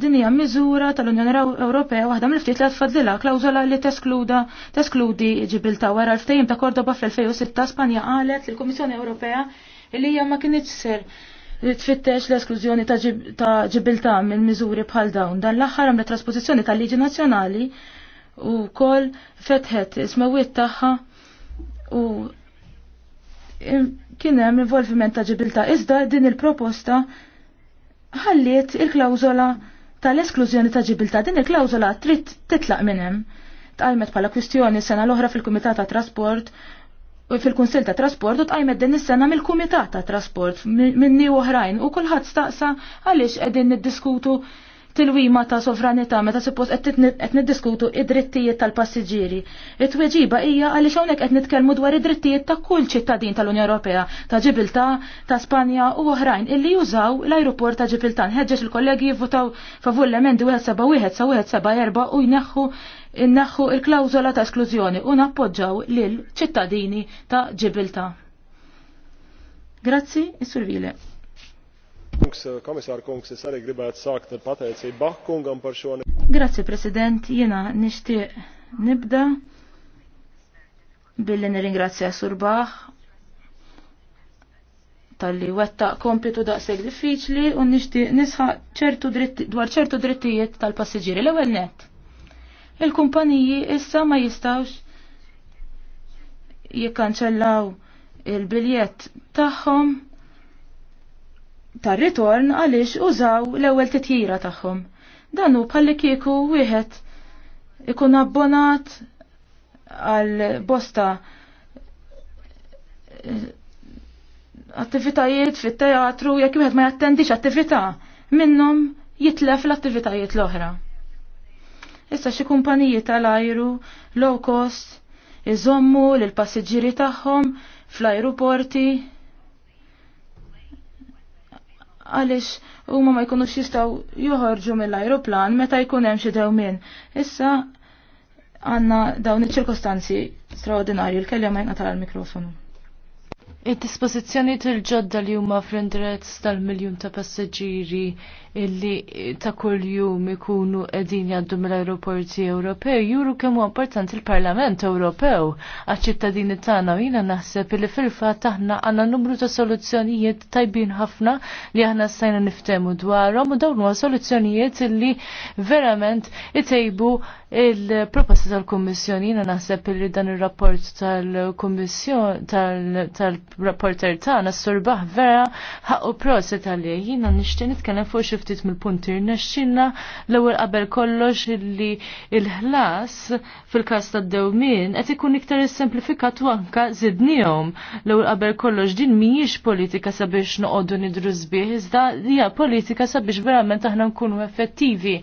Din hija miżura tal-Unjoni Ewropea waħda mill-ftit li tfadlilha klawżola li teskluda teskludi Ġibilta wara l-ftehim ta' Kordoba fl-2006 Spanja qalet lill-Kummissjoni Ewropea li hija ma kienx ser li tfittex l-esklużjoni ta' ġibilta minn miżuri bħal dawn. Dan l-aħħar għamlet trasposizjoni tal-liġi nazzjonali u kol fetħet ismewiet tagħha u kien hemm involviment ta' ġibilta. Iżda din il-proposta ħalliet il-klawżola tal-esklużjoni ta' ġibilta. Din il-klawżola trid titlaq minn hemm tqalmet bħala kwistjoni sena l-oħra fil-Kumitat ta' Trasport u fil-Kunsil ta' Trasport u tqajmet din is-sena mill-Kumitat ta' Trasport minni oħrajn u kulħadd staqsa għaliex qegħdin niddiskutu tilwima ta' sovranità meta suppost qed niddiskutu id-drittijiet tal-passiġġieri. It-tweġiba hija għaliex hawnhekk qed nitkellmu dwar id-drittijiet ta' kull ċittadin tal-Unja Ewropea ta' Ġibilta, ta' Spanja u oħrajn illi jużaw l-ajruport ta' Ġibilta. Nħeġġeġ il-kollegi jivvutaw favur l-emendi wieħed seba' wieħed sa' wieħed seba' erba' u jneħħu inneħħu il-klawżola ta' esklużjoni u nappoġġaw lil ċittadini ta' ġibilta. Grazzi, Isur Vile. Kungs, komisar Kungs, sari gribēt sākt ar patajci bax Kungam šo. Grazzi, President, jena nishti nibda billi nir-ingrazzja Sur Bah tal-li wetta kompitu daqseg diffiċli u nishtiq nisħa ċertu dritti, dwar ċertu drittijiet tal-passiġiri l-ewel net il-kumpaniji issa ma jistawx jikkanċellaw il-biljett tagħhom tar-ritorn għaliex użaw l-ewwel titjira tagħhom. Dan hu bħalli kieku wieħed ikun abbonat għal bosta eh, attivitajiet fit-teatru jekk wieħed ma jattendix attività minnhom jitlef l-attivitajiet l-oħra. Issa xi kumpaniji tal-ajru low cost iżommu lil passiġġieri tagħhom fl-ajruporti għaliex huma ma jkunux jistgħu joħorġu mill-ajruplan meta jkun hemm xi dewmien. Issa għandna dawn iċ-ċirkostanzi straordinarji l-kellja ma jnqata' l-mikrofonu. Id-dispożizzjoni tal-ġodda li huma fl-indirezz tal-miljun ta' passeġġieri illi ta' kull jum ikunu edin jaddu mill-aeroporti Ewropew juru kemm importanti l parlament Ewropew għal ċittadini tagħna u naħseb illi fil-fatt aħna għandna numru ta' soluzzjonijiet tajbin ħafna li aħna stajna niftemu dwarhom u dawn huwa soluzzjonijiet illi verament itejbu il-proposta tal-Kummissjoni Jina naħseb illi dan ir-rapport tal-Kummissjoni tal-rapporter tagħna Sur Baħ vera ħaqqu proset għalih jiena nixtieq nitkellem fuq xi ftit mill-punti rnexxinna l-ewwel qabel kollox li l-ħlas fil-każ tad-dewmien qed ikun iktar issemplifikat u anka żidnihom. L-ewwel qabel kollox din mhijiex politika sabiex noqogħdu nidru sbieħ iżda hija politika sabiex verament aħna nkunu effettivi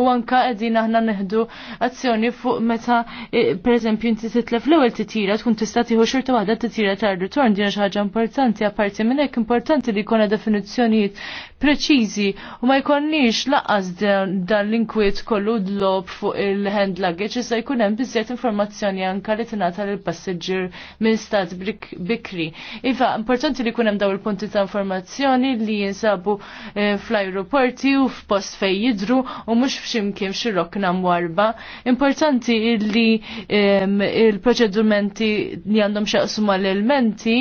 u anka qegħdin aħna neħdu azzjoni fuq meta e, pereżempju inti titlef l-ewwel titira tkun tista' tieħu xorta waħda titira tar-ritorn din xi ħaġa importanti apparti minn hekk importanti li jkollna definizzjonijiet preċiżi u ma jkollniex laqas dan l-inkwiet kollu dlob fuq il-hand luggage issa jkun hemm biżjed informazzjoni anke li tingħata lil passiġġier minn stat bikri. Iva, importanti li jkun hemm daw il-punti ta' informazzjoni li jinsabu eh, fl-ajruporti u f'post fej jidru u mhux f'ximkien xi rokna mwarba. Importanti li il proċedumenti li għandhom xaqsuma l-elementi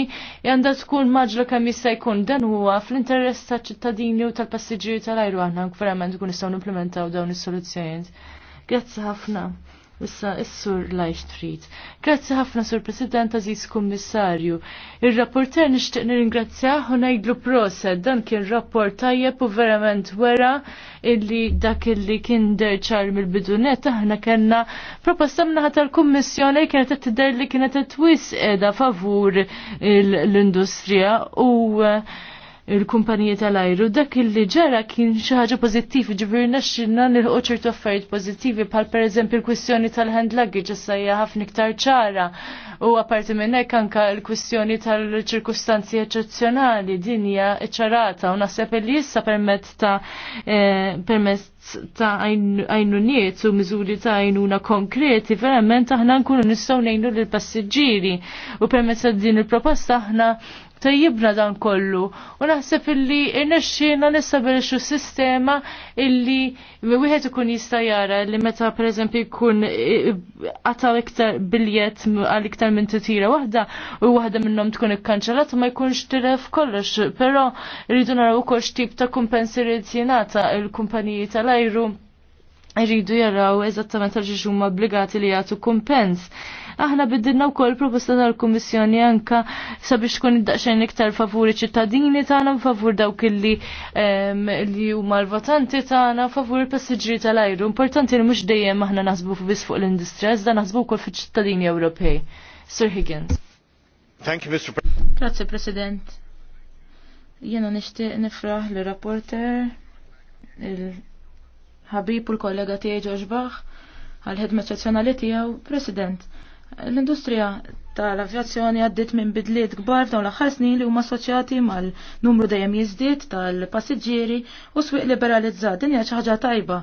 għandha tkun maġlu kemm jista' jkun dan huwa fl-interess ta' ċittadini ċittadini u tal-passiġġieri tal-ajru aħna verament nkun nistgħu nimplementaw dawn is-soluzzjonijiet. Grazzi ħafna. Issa is-sur Life Street. Grazzi ħafna sur President Aziz Kummissarju. Ir-rapporter nixtieq nirringrazzjah u ngħidlu proset dan kien rapport tajjeb u verament wera illi dak illi kien derċar mill-bidunet aħna kellna proposta mnaħa tal-Kummissjoni kienet qed tidher li kienet qed qiegħda favur l-industrija u eh, il-kumpaniji tal-ajru, dak illi ġara kien xi ħaġa ġivir ġifieri nexxinna nilħu ċertu affarijiet pal per eżempju l-kwistjoni tal-hand luggage issa ħafna iktar ċara u apparti minn hekk anke l-kwistjoni tal-ċirkustanzi eċċezzjonali din hija ċarata u naħseb li issa permezz ta' eh, permezz ta' għajnuniet u miżuri ta' għajnuna konkreti, verament aħna nkunu nistgħu ngħinu lill passiġġieri u permezz ta' din il-proposta aħna tajibna dan kollu. U naħseb illi irnexxina nistabilixu sistema illi wieħed ikun jista' jara li meta pereżempju jkun għataw eh, iktar biljett għal iktar minn titira waħda u waħda minnhom tkun ikkanċellat ma jkunx tiref kollox, però rridu naraw ukoll x'tip ta' kumpensi li jingħata il-kumpaniji tal-ajru jridu jaraw eżattament għal xi huma obbligati li jagħtu kumpens. Aħna biddilna wkoll proposta tal-Kummissjoni anka sabiex tkun iddaqsxejn iktar favuri ċittadini tagħna favur dawk illi li huma l-votanti tagħna favur il-passiġġieri tal-ajru. Importanti li mhux dejjem aħna naħsbu biss fuq l-industrija, iżda naħsbu wkoll fiċ-ċittadini Ewropej. Sir Higgins. Thank you, Mr. President. Grazie, President. Jena nishtiq nifraħ l rapporter il-ħabib u l-kollega tiegħi George għal-ħedma eccezjonali tiegħu President. L-industrija tal-avjazzjoni għaddit minn bidliet kbar f'dawn l-aħħar snin li huma assoċjati mal-numru dejjem jiżdied tal-passiġġieri u swieq liberalizzat. Din hija xi ħaġa tajba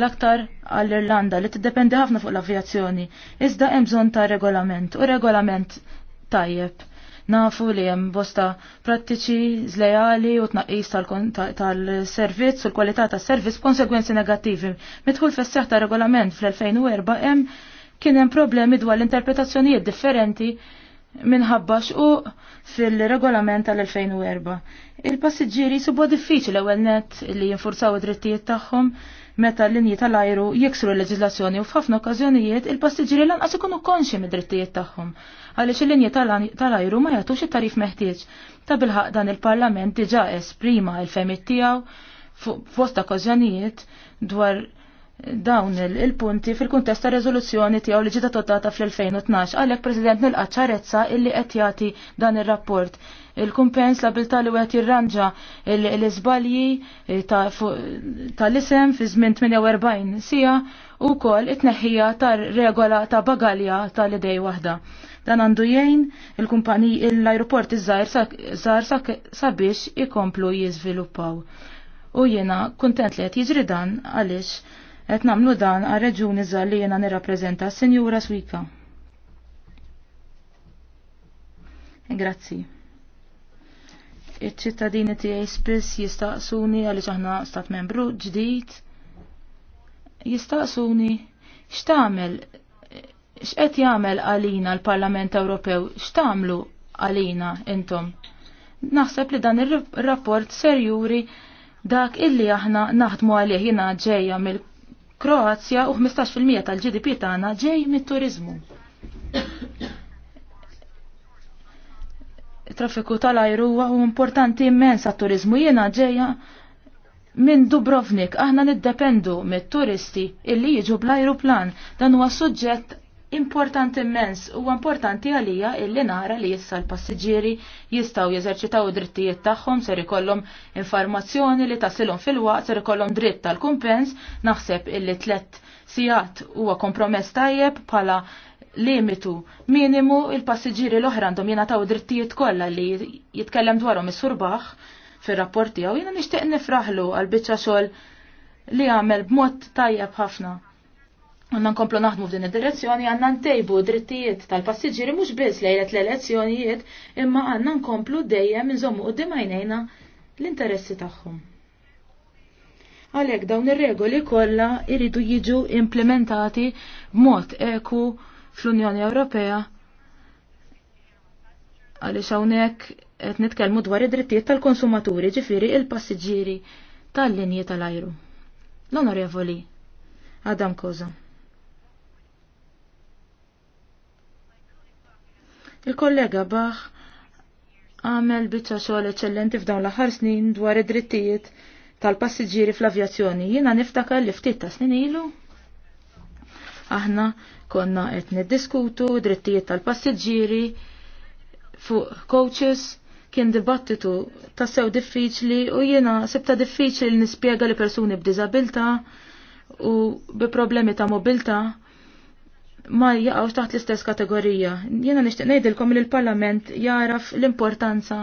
l-aktar għall-Irlanda li tiddependi ħafna fuq l-avjazzjoni. Iżda hemm bżonn ta' regolament u regolament tajjeb. Nafu li hemm bosta prattiċi zlejali u tnaqqis tal-servizz u l-kwalità tas-servizz b'konsegwenzi negattivi. Midħul fis-seħħ ta' regolament fl-2004 hemm kien hemm problemi dwar l-interpretazzjonijiet differenti minħabba u fil-regolament tal-2004. Il-passiġġieri subu diffiċli ewwel net li jinfurzaw id-drittijiet tagħhom meta l-linji tal-ajru jiksru l-leġislazzjoni u f'ħafna okkażjonijiet il-passiġġieri lanqas ikunu konxi mid-drittijiet tagħhom għaliex il-linji tal-ajru ma jagħtux it-tarif meħtieġ. Ta' bilħaq dan il-Parlament diġà esprima l-femit tiegħu fost okkażjonijiet dwar dawn il-punti fil-kuntest ta' rezoluzzjoni tiegħu li ġiet totata fl-2012 għalhekk President nilqa' ċarezza illi qed jagħti dan ir-rapport. Il-kumpens l-abilità li wieħed jirranġa l-iżbalji eh, tal-isem fi żmien 48 sija u wkoll it-tneħħija tar-regola ta' bagalja tal-idej waħda. Dan għandu jgħin il kumpani l-ajruport iż-żgħar sabiex ikomplu jizvilupaw. U jiena kuntent li qed jiġri dan għaliex Qed nagħmlu dan għal reġuni żgħar li nirrappreżenta Sinjura Swika. Grazzi. Iċ-ċittadini tiegħi spiss jistaqsuni għaliex aħna stat membru ġdid. Jistaqsuni x'tagħmel x'qed jagħmel għalina l-Parlament Ewropew, x'tagħmlu għalina intom. Naħseb li dan ir-rapport ser juri dak illi aħna naħdmu għalih jiena ġejja mill Kroazja u 15% tal-GDP tagħna ġej mit-turizmu. Traffiku tal-ajru huwa importanti immens għat-turizmu jiena ġejja minn Dubrovnik aħna niddependu mit-turisti illi jiġu bl-ajruplan dan huwa suġġett importanti immens u importanti għalija illi nara li jissa l-passiġġieri jistaw jeżerċitaw drittijiet tagħhom ser ikollhom informazzjoni li tasilhom fil-waqt ser ikollhom dritt tal-kumpens naħseb illi tlett sigħat huwa kompromess tajjeb bħala limitu minimu il-passiġġieri l-oħra għandhom jingħataw drittijiet kollha li jitkellem dwarhom is-surbaħ fir-rapport tiegħu jiena nixtieq nifraħlu għal biċċa xogħol li għamel b'mod tajjeb ħafna Għanna nkomplu naħdmu f'din id-direzzjoni għanna ntejbu drittijiet tal-passiġġieri mhux biss lejlet l-elezzjonijiet imma għanna nkomplu dejjem inżommu qudiem għajnejna l-interessi tagħhom. Għalhekk dawn ir-regoli kollha jridu jiġu implementati b'mod eku fl-Unjoni Ewropea għaliex hawnhekk qed nitkellmu dwar id-drittijiet tal-konsumaturi ġifieri il-passiġġieri tal-linji tal-ajru. L-onorevoli Adam Koza. Il-kollega Bach għamel bitċa xogħol eċċellenti f'dawn l-aħħar snin dwar id-drittijiet tal-passiġġieri fl-avjazzjoni. Jiena niftakar li ftit ta' snin ilu. Aħna konna qed niddiskutu drittijiet tal-passiġġieri fuq coaches kien dibattitu tassew diffiċli u jiena sibta diffiċli li nispjega li persuni b'diżabilità u bi problemi ta' mobilta' ma jaqgħux taħt l-istess kategorija. Jiena nixtieq ngħidilkom li l-Parlament jaraf l-importanza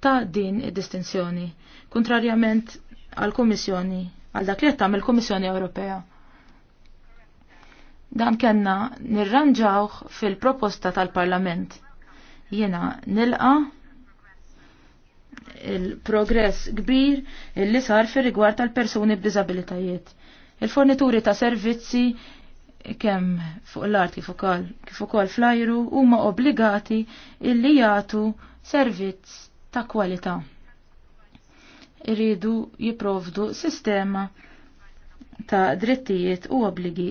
ta' din id-distinzjoni, kontrarjament għal-Kummissjoni, għal dak li qed tagħmel Kummissjoni Ewropea. Dan kellna nirranġawh fil-proposta tal-Parlament. Jiena nilqa' il-progress kbir illi sar fir rigward tal-persuni b'diżabilitajiet. Il-fornituri ta' servizzi kemm fuq l-art kif ukoll kif ukoll flajru huma obbligati illi jagħtu servizz ta' kwalità. Iridu jipprovdu sistema ta' drittijiet u obbligi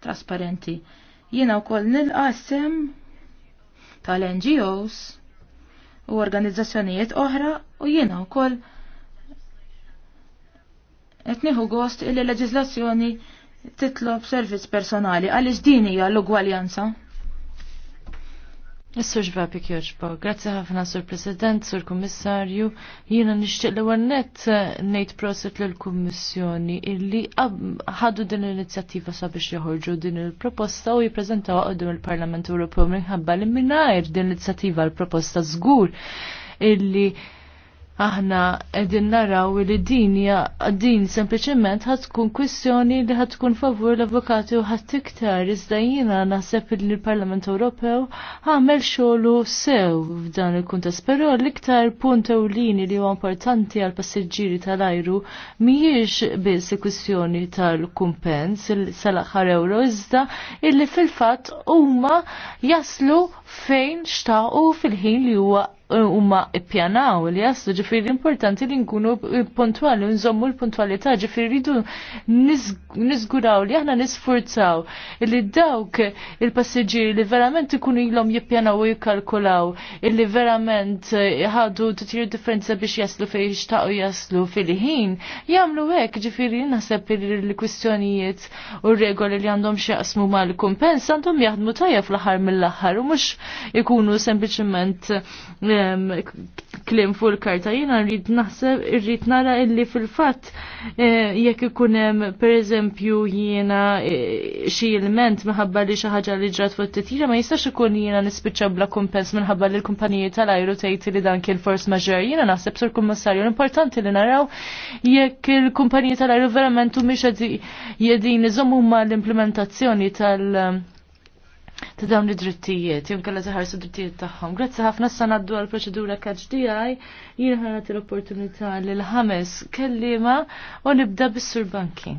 trasparenti. Jiena wkoll nilqasem tal-NGOs u organizzazzjonijiet oħra u jiena wkoll qed nieħu gost il-leġiżlazzjoni illi leġiżlazzjoni il titlob servizz personali għaliex din hija l-ugwaljanza. Is-Sur Ġvabik Joġbo, grazzi ħafna Sur President, Sur Kommissarju, jiena nixtieq li għannet eh, ngħid proset lill kummissjoni illi ħadu din l-inizjattiva sabiex joħorġu din il-proposta u jippreżentaw għoddim il-Parlament Ewropew minħabba li mingħajr din l-inizjattiva l-proposta żgur illi aħna qegħdin naraw li din din sempliċement ħad tkun kwistjoni li ħad tkun favur l-avukati u ħadd tiktar iżda jiena naħseb li l-Parlament Ewropew għamel xogħlu sew f'dan il-kuntest. Però l-iktar punt ewlieni li huwa importanti għal passiġġieri tal-ajru mhijiex biss kwistjoni tal-kumpens sal-aħħar euro iżda illi fil-fatt huma jaslu fejn xtaqu fil-ħin li huwa Eh, huma ippjanaw li jaslu ġifieri importanti li nkunu puntwali nżommu l-puntwalità ġifiri rridu niżguraw li aħna nisfurzaw li dawk il-passiġġieri li verament ikunu ilhom jippjanaw u jikalkulaw li verament eh, ħadu titir differenza biex jaslu fejn jixtaqu jaslu fil-ħin jagħmlu hekk ġifieri naħseb il-kwistjonijiet u r-regoli li għandhom x'jaqsmu mal-kumpens għandhom jaħdmu tajja fl-aħħar mill-aħħar u mhux ikunu sempliċement eh, klim fuq il-karta jiena rrid naħseb irrid nara illi fil-fatt eh, jekk ikun hemm pereżempju jiena eh, xi ilment minħabba li xi ħaġa li ġrat fuq titjira ma jistax ikun jiena nispiċċa bla kumpens minħabba li l-kumpaniji tal-ajru tgħid li dan kien force majeure. Jiena naħseb sur kummissarju l-importanti li naraw jekk il-kumpaniji tal-ajru verament mhumiex qegħdin jedin iżommu huma l-implementazzjoni tal- ta' dawn id-drittijiet, jew kella taħarsu drittijiet tagħhom. Grazzi ħafna sa naddu għal proċedura KHDI, jien ħarat l-opportunità li l-ħames kellima u nibda bis-sur banki.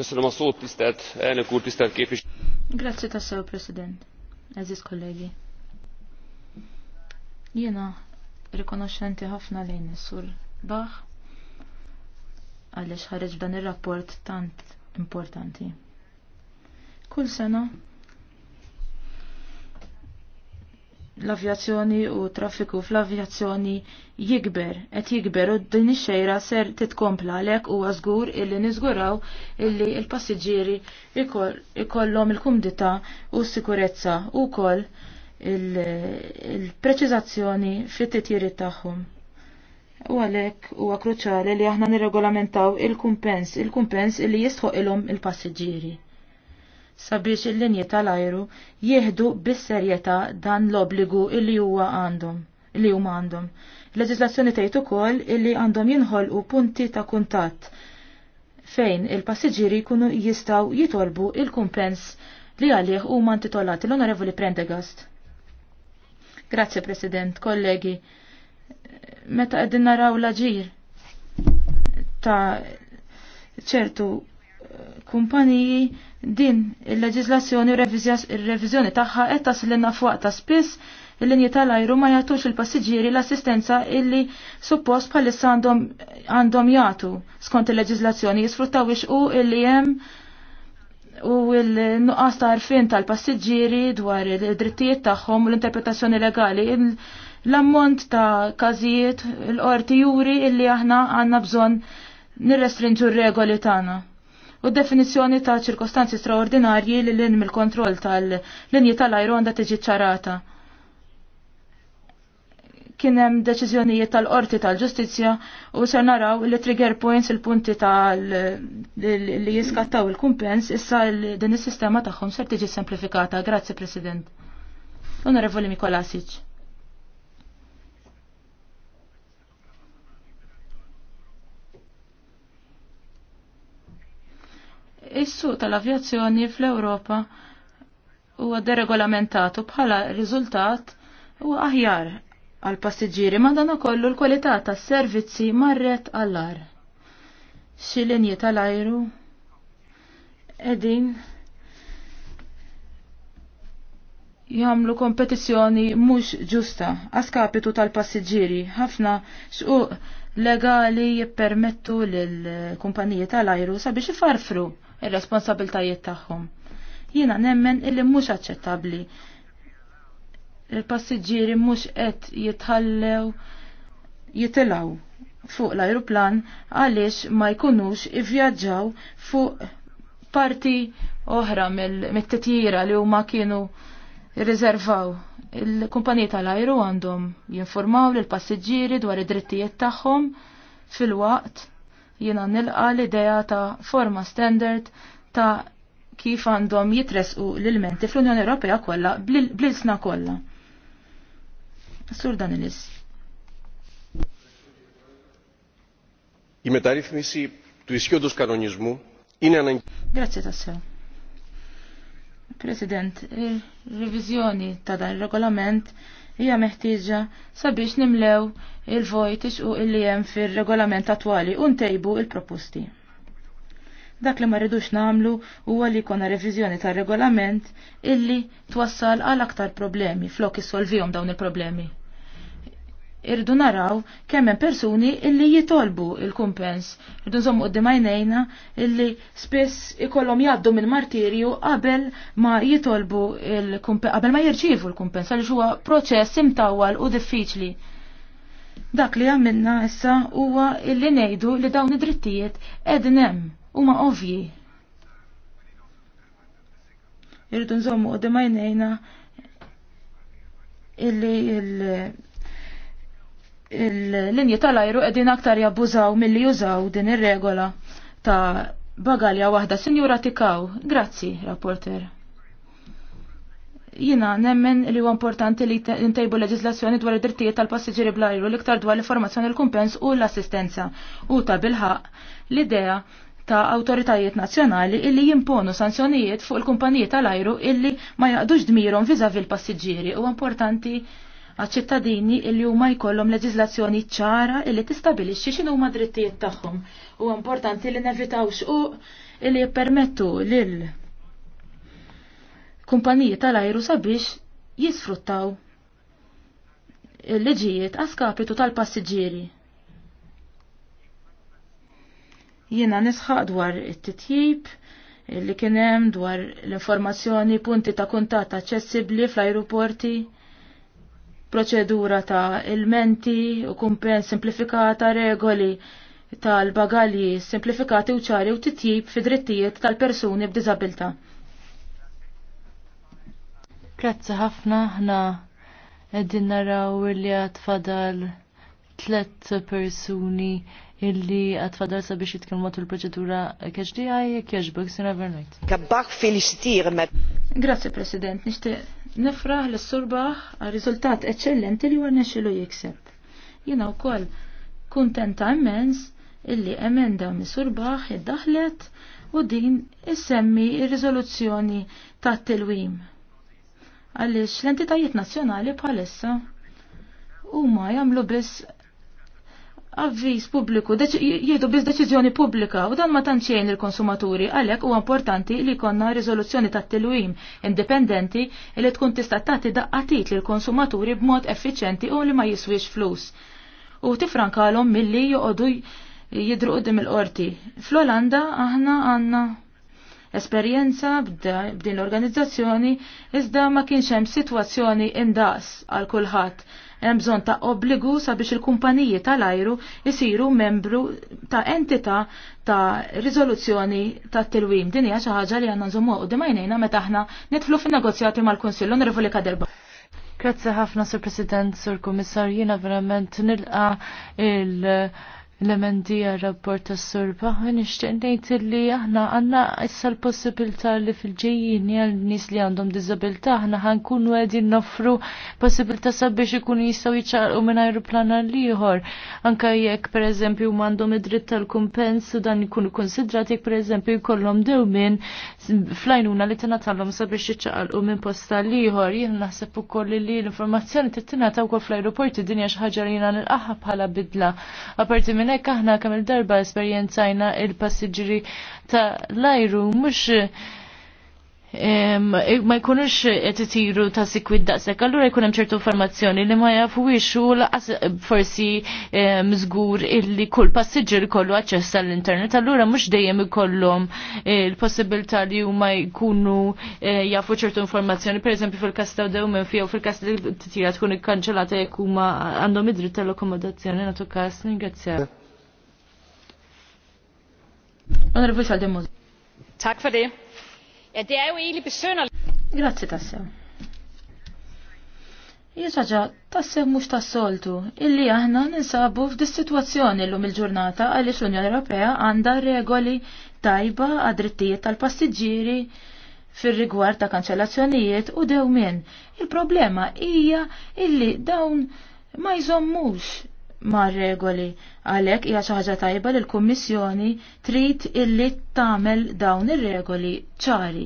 Köszönöm a szót, tisztelt elnök úr, tisztelt képviselő. Grazie tassew, president. għaziz kollegi. Jena rikonoxxenti ħafna lejn is-sur Bach għaliex ħareġ dan ir-rapport tant importanti. Kull sena l-avjazzjoni u traffiku fl-avjazzjoni jikber, et jikber u din ix-xejra ser titkompla għalhekk huwa żgur illi niżguraw illi l-passiġġieri ikollom il-kumdità u s-sikurezza u wkoll il-preċiżazzjoni fit titjiri tagħhom. U għalhekk huwa kruċjali li aħna nirregolamentaw il-kumpens, il-kumpens illi jistħoq ilhom il-passiġġieri. il kumpens il kumpens illi jistħoq il il kumpens illi il passiġġieri sabiex il-linji tal-ajru jieħdu bis-serjetà dan l-obbligu illi huwa għandhom li huma għandhom. Il-leġislazzjoni tgħid ukoll illi għandhom jinħolqu punti ta' kuntatt fejn il-passiġġieri jkunu jistgħu jitolbu il-kumpens li għalih huma intitolati l-Onorevoli Prendegast. Grazzi President, kollegi. Meta qegħdin naraw l-aġir ta' ċertu kumpaniji din il-leġizlazzjoni u revizjoni reviżjoni tagħha qed taslilna fuq ta' spiss il-linji tal-ajru ma jagħtux il-passiġġieri l-assistenza illi suppost bħalissa għandhom għandhom jagħtu skont il-leġizlazzjoni jisfruttaw u illi hemm u l-nuqqas ta' arfin tal-passiġġieri dwar il-drittijiet tagħhom u l-interpretazzjoni legali l-ammont ta' każijiet l-qorti juri illi aħna għandna bżonn nirrestrinġu r-regoli tagħna u d-definizzjoni ta' ċirkostanzi straordinarji li l-in mill-kontroll tal-linji tal-ajru għanda tiġi ċarata. Kienem deċiżjonijiet tal-qorti tal-ġustizja u ser naraw li trigger points il-punti tal li jiskattaw il-kumpens issa din is-sistema tagħhom ser tiġi semplifikata. Grazzi President. Onorevoli Mikolasic. is-suq tal-avjazzjoni fl-Ewropa huwa deregolamentatu bħala riżultat huwa aħjar għal passiġġieri ma dan kollu l-kwalità tas-servizzi marret għall-ar. Xi linji tal-ajru qegħdin jagħmlu kompetizzjoni mhux ġusta għaskapitu tal-passiġġieri. Ħafna xquq legali jippermettu lill kumpaniji tal-ajru sabiex ifarfru ir-responsabiltajiet tagħhom. Jiena nemmen illi mhux aċċettabbli. Il-passiġġieri mhux qed jitħallew jitilgħu fuq l-ajruplan għaliex ma jkunux ivvjaġġaw fuq parti oħra mill-titjira li huma kienu rizervaw. Il-kumpaniji tal-ajru għandhom jinformaw lill passiġġieri dwar id-drittijiet tagħhom fil-waqt Jiena nilqa l-idea ta' forma standard ta' kif għandhom jitresqu l-ilmenti fl-Unjoni Ewropea kollha bl-isna kollha. Sur Danilis. Η μεταρρύθμιση του ισχύοντος κανονισμού είναι αναγκαία. Grazie tassew. President, il-revizjoni ta' dan il-regolament hija meħtieġa sabiex nimlew il-vojt u illi hemm fir-regolament attwali u ntejbu il-proposti. Dak li ma rridux namlu huwa li jkollna reviżjoni tar-regolament illi twassal għal aktar problemi flok issolvihom dawn il-problemi irdu naraw kemm hemm persuni illi jitolbu il-kumpens. Irdu nżommu qudiem għajnejna illi spiss ikollhom jgħaddu mill-martirju qabel ma jitolbu il-kumpens qabel ma jirċievu l-kumpens għaliex huwa proċess imtawwal u diffiċli. Dak li għamilna issa huwa illi ngħidu li dawn id-drittijiet qegħdin hemm huma ovji. Irdu nżommu qudiem għajnejna illi il il-linji tal-ajru qegħdin aktar jabbużaw milli jużaw din ir-regola ta' bagalja waħda. Sinjura Tikaw, grazzi, rapporter. Jina, nemmen li huwa importanti li ntejbu leġislazzjoni dwar id-drittijiet tal-passiġġieri bl-ajru l-iktar dwar l-informazzjoni l-kumpens u l-assistenza u ta' bilħaq l-idea ta' autoritajiet nazzjonali illi jimponu sanzjonijiet fuq il-kumpaniji tal-ajru illi ma jaqdux dmirhom viżavi l-passiġġieri u importanti għaċ-ċittadini illi huma jkollhom leġiżlazzjoni ċara illi tistabilixxi x'inhu huma drittijiet tagħhom. U importanti li nevitaw xquq illi jippermettu lil kumpaniji tal-ajru sabiex jisfruttaw il-liġijiet għaskapitu tal-passiġġieri. Jiena nisħaq dwar it-titjib, li kienem dwar l-informazzjoni punti ta' kuntat aċċessibbli fl ajruporti proċedura ta' ilmenti u kumpens simplifikata regoli tal-bagalji simplifikati u ċari u titjib fi drittijiet tal-persuni b'diżabilità. Grazzi ħafna ħna qegħdin naraw li għad fadal tlet persuni illi għatfadar sabiex jitkellmu għatul proċedura KHDI kieġbuk sena vernajt. Kabbaħ felicitir me. Grazie President, nishti nifraħ l-surbaħ għal-rizultat eccellenti li għan nexilu jikseb. Jina u kol kontenta immens illi emenda misurbaħ id-daħlet u din issemmi il riżoluzzjoni ta' tilwim. Għaliex l-entitajiet nazzjonali bħalissa huma jagħmlu biss avviż pubbliku, jiedu biz deċiżjoni pubblika u dan ma tantxejn il-konsumaturi għalhekk huwa importanti li konna riżoluzzjoni ta' tilwim indipendenti li tkun tista' tagħti daqqatit lil konsumaturi b'mod effiċenti u li ma jiswix flus. U tifrankalhom milli joqogħdu jidru qudiem il-qorti. Fl-Olanda aħna għandna esperjenza b'din l-organizzazzjoni iżda ma kienx hemm sitwazzjoni indaqs għal kulħadd Hemm bżonn ta' obbligu sabiex il-kumpaniji tal-ajru isiru membru ta' entità ta' riżoluzzjoni ta' tilwim. Din hija xi ħaġa li għandna nżommu qudiem għajnejna meta aħna nidħlu fin-negozjati mal-Kunsill Onorevoli Kadelba. Grazzi ħafna, Sur President, Sur Kummissar, jiena verament nilqa' il- l-emendi rapport tas surba Baħan ixtiqnejt li aħna għanna issa l-possibilità li fil-ġejjin għal nis li għandhom diżabilità aħna ħankunu għedin noffru possibilità sabiex ikunu jistaw jiċċaqlqu minn aeroplan għal ieħor. Anka jekk pereżempju m'għandhom id-dritt tal-kumpens u dan ikunu konsidrat jekk pereżempju jkollhom dewmin flajnuna li tingħatalhom sabiex jiċċaqlqu minn posta għal ieħor. Jien naħseb ukoll li l-informazzjoni tittingħata wkoll fl-ajruporti dinja xi ħaġa li jiena nilqaħħa bħala bidla. Aparti minn hekk aħna kemm il-darba esperjenzajna il-passiġġieri ta' lajru mhux E, ma jkunux qed itiru ta' sikwid daqshekk, allura jkun hemm ċertu informazzjoni li ma jafuwix u laqas e, forsi e, mżgur illi kull passiġġier kollu aċċess għall-internet, allura mhux dejjem ikollhom il-possibilità li huma jkunu jafu ċertu informazzjoni, pereżempju fil-każ ta' dewmen fija u fil-każ li titira tkun ikkanċellata jekk huma għandhom id-dritt tal-akkomodazzjoni nagħtu każ, ningrazzjak. Onorevoli Saldemoz. Tak for det. Ed det är er ju Grazzi tassew. tassew mux tas-soltu, illi e aħna ninsabu f'dis-sitwazzjoni l-lum il-ġurnata għaliex l-Unjoni Ewropea għandha regoli tajba għad-drittijiet tal-passiġġieri fir-rigward ta' kanċellazzjonijiet u dewmien. Il-problema hija illi dawn ma jżommux ma' regoli. Għalek hija xi ħaġa tajba li l-Kummissjoni trid illi tagħmel dawn ir-regoli ċari.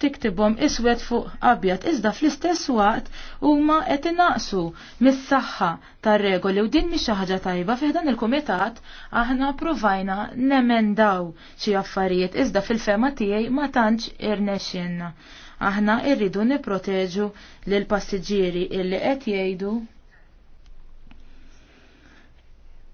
Tiktibhom iswed fuq abjad iżda fl-istess waqt huma qed inaqsu mis-saħħa tar-regoli u din mhix xi ħaġa tajba fih dan il-kumitat aħna provajna nemendaw xi affarijiet iżda fil-fema tiegħi ma tantx irnexxinna aħna irridu niproteġu lil passiġġieri illi qed jgħidu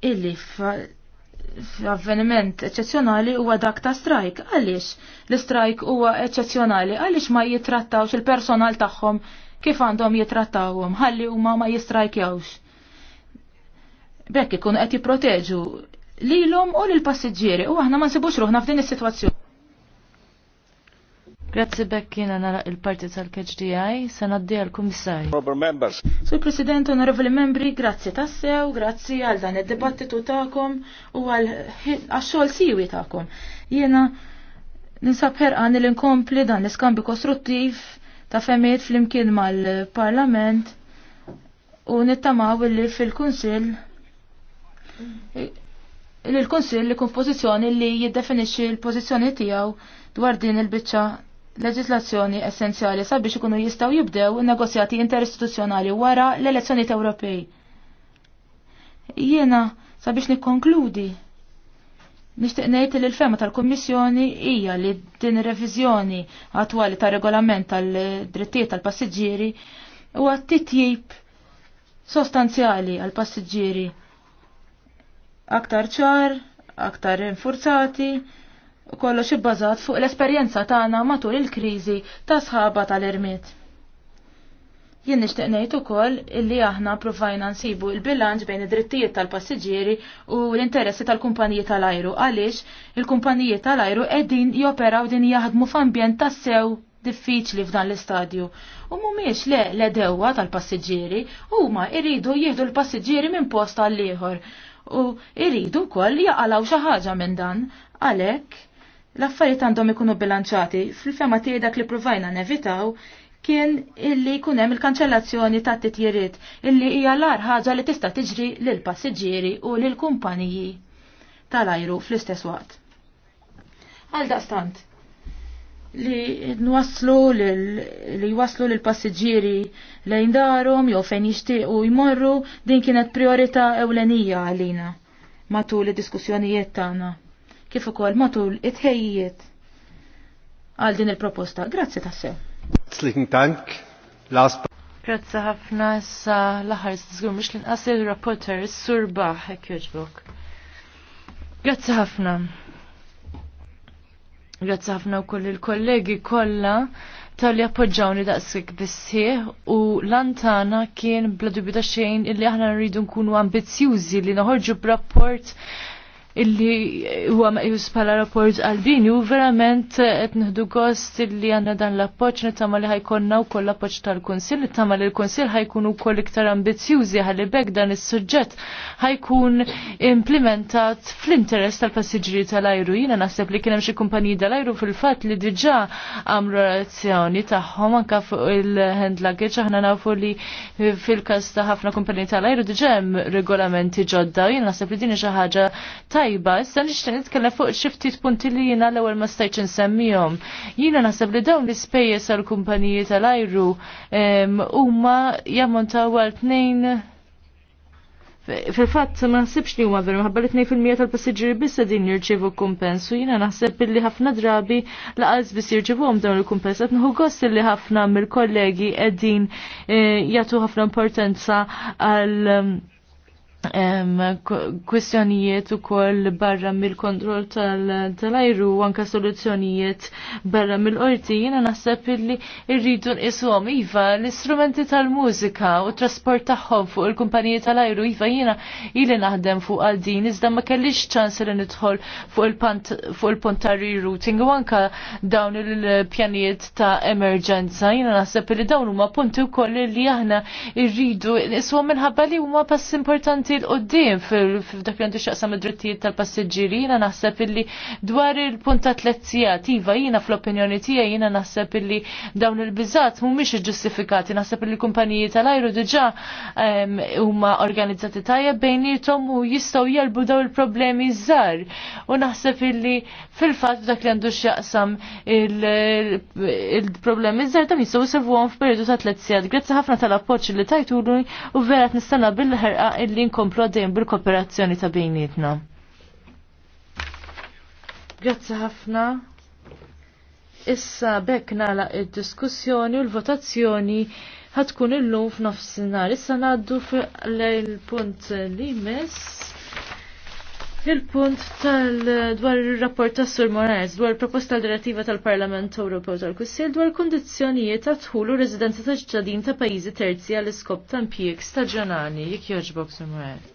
illi f'avveniment eccezjonali huwa dak ta' strajk. Għaliex l-strajk huwa eccezjonali? Għaliex ma jitrattawx il-personal tagħhom kif għandhom jitrattawhom ħalli huma ma jistrajkjawx. Bekk ikun qed jipproteġu lilhom u lill passiġġieri u aħna ma nsibux ruħna f'din is-sitwazzjoni. Grazzi bekkina nara il-parti tal-KHDI, sena għal-Komissar. Sur President, onorevoli membri, grazzi tassew, grazzi għal dan il-dibattitu ta'kom u għal-xol siwi ta'kom. Jena ninsab ħerqan il-inkompli dan l skambi kostruttiv ta' femiet fl-imkien mal-Parlament u nittamaw li fil-Kunsil l-Konsil li kun pozizjoni li jiddefinixxi l-pożizzjoni tiegħu dwar din il-biċċa leġislazzjoni essenzjali sabiex ikunu jistaw jibdew negozjati interistituzzjonali wara l-elezzjonijiet Ewropej. Jiena sabiex nikkonkludi Nixtieq ngħid li l-fema tal-Kummissjoni hija li din ir-reviżjoni attwali tar-regolament tal-drittijiet tal-passiġġieri huwa titjib sostanzjali għal passiġġieri aktar ċar, aktar infurzati, kollox ibbażat fuq l-esperjenza tagħna matul il-kriżi ta' sħaba tal-irmiet. Jien nixtieq ngħid ukoll illi aħna provajna nsibu l-bilanċ bejn id-drittijiet tal-passiġġieri u l-interessi tal-kumpaniji tal-ajru għaliex il-kumpaniji tal-ajru qegħdin joperaw din jaħdmu f'ambjent tassew diffiċli f'dan l-istadju u mumiex le l-edewa tal-passiġġieri huma jridu jieħdu l-passiġġieri minn post għall ieħor u jridu wkoll jaqalaw xi ħaġa minn dan għalhekk L-affarijiet għandhom ikunu bilanċati fil-fema tiegħi li provajna nevitaw kien illi jkun hemm il-kanċellazzjoni ta' titjiriet illi hija l-ar ħaġa li tista' tiġri lil passiġġieri u lil kumpaniji tal-ajru fl-istess waqt. Għal daqstant li nwaslu li waslu lil passiġġieri lejn darhom jew fejn jixtiequ jmorru din kienet priorità ewlenija għalina matul id-diskussjonijiet tagħna kif ukoll matul it-ħejjiet għal din il-proposta. Grazzi tassew. Slikin tank, last Grazzi ħafna sa l-aħħar sgur mux l-inqas il-rapporter is surba Baħ hekk jogħġbok. Grazzi ħafna. Grazzi ħafna koll il-kollegi kollha tal-li appoġġawni daqsik bissieħ u lantana kien bla dubju xejn illi aħna rridu nkunu ambizzjużi li b b'rapport illi huwa meqjus bħala rapport għal din u verament qed nħdu gost illi għandna dan l-appoġġ nittama li ħajkonna wkoll l-appoġġ tal-Kunsill, nittama li l-Kunsill ħajkun ukoll iktar ambizzjużi ħalli bekk dan is-suġġett ħajkun implementat fl-interess tal-passiġġieri tal-ajru. Jiena naħseb li kien hemm xi kumpaniji tal-ajru fil-fatt li diġà għamlu relazzjoni tagħhom anke fuq il-hand luggage aħna nafu li fil-każ ta' ħafna kumpaniji tal-ajru diġà hemm regolamenti ġodda u jien naħseb li din xi ħaġa tajba tajba, issa nixtieq nitkellem fuq xi ftit punti li jiena l-ewwel ma stajtx insemmihom. Jiena naħseb li dawn l-ispejjeż għall kumpaniji tal-ajru huma jammontaw għal tnejn Fil-fatt, ma naħsibx li huma veru, ħabba li 2% tal-passiġġieri biss din jirċievu kumpens u jiena naħseb li ħafna drabi laqas biss jirċevuhom dawn il-kumpens. Qed nħu gost li ħafna mill-kollegi qegħdin eh, jagħtu ħafna importanza għal kwestjonijiet u koll barra mill-kontroll tal-ajru u anka soluzzjonijiet barra mill-qorti jina nasab illi irridu nqisuhom iva l-istrumenti tal-mużika u trasport tagħhom fuq il-kumpaniji tal-ajru iva jina ili naħdem fuq għaldin din iżda ma kellix ċans li nidħol fuq il-pont tar routing u anka dawn il-pjanijiet ta' emerġenza jina naħseb li dawn huma punti wkoll li aħna irridu nqisuhom minħabba li huma pass importanti drittijiet qoddim f'dak li għandu xaqsam id-drittijiet tal-passiġġieri, jiena naħseb illi dwar il-punta tletzijat, iva jiena fl-opinjoni tiegħi jiena naħseb illi dawn il-biżat mhumiex iġġustifikati, naħseb illi kumpaniji tal-ajru diġà huma organizzati tajjeb bejnietom u jistgħu jelbu daw il-problemi żgħar. U naħseb illi fil-fatt dak li għandu x'jaqsam il-problemi żgħar dam jistgħu jservuhom f'perjodu ta' tliet sigħat. Grazzi ħafna tal-appoġġ li tajtulu u vera nistanna bil-ħerqa illi nkom nkomplu għaddejjem bil-kooperazzjoni ta' bejnietna. Grazzi ħafna. Issa bekk nagħlaq il diskussjoni u l-votazzjoni ħatkun il-lum f'nofsinhar. Issa naddu fil-punt li mis il-punt tal-dwar il-rapport ta' Sur Moraes dwar proposta alternativa tal-Parlament Ewropew tal-Kussil dwar kondizjonijiet ta' tħulu residenza ta' ċittadin ta' pajjiżi terzi għall iskop ta' impjieg staġjonali jekk jogħġbok Sur Moraes.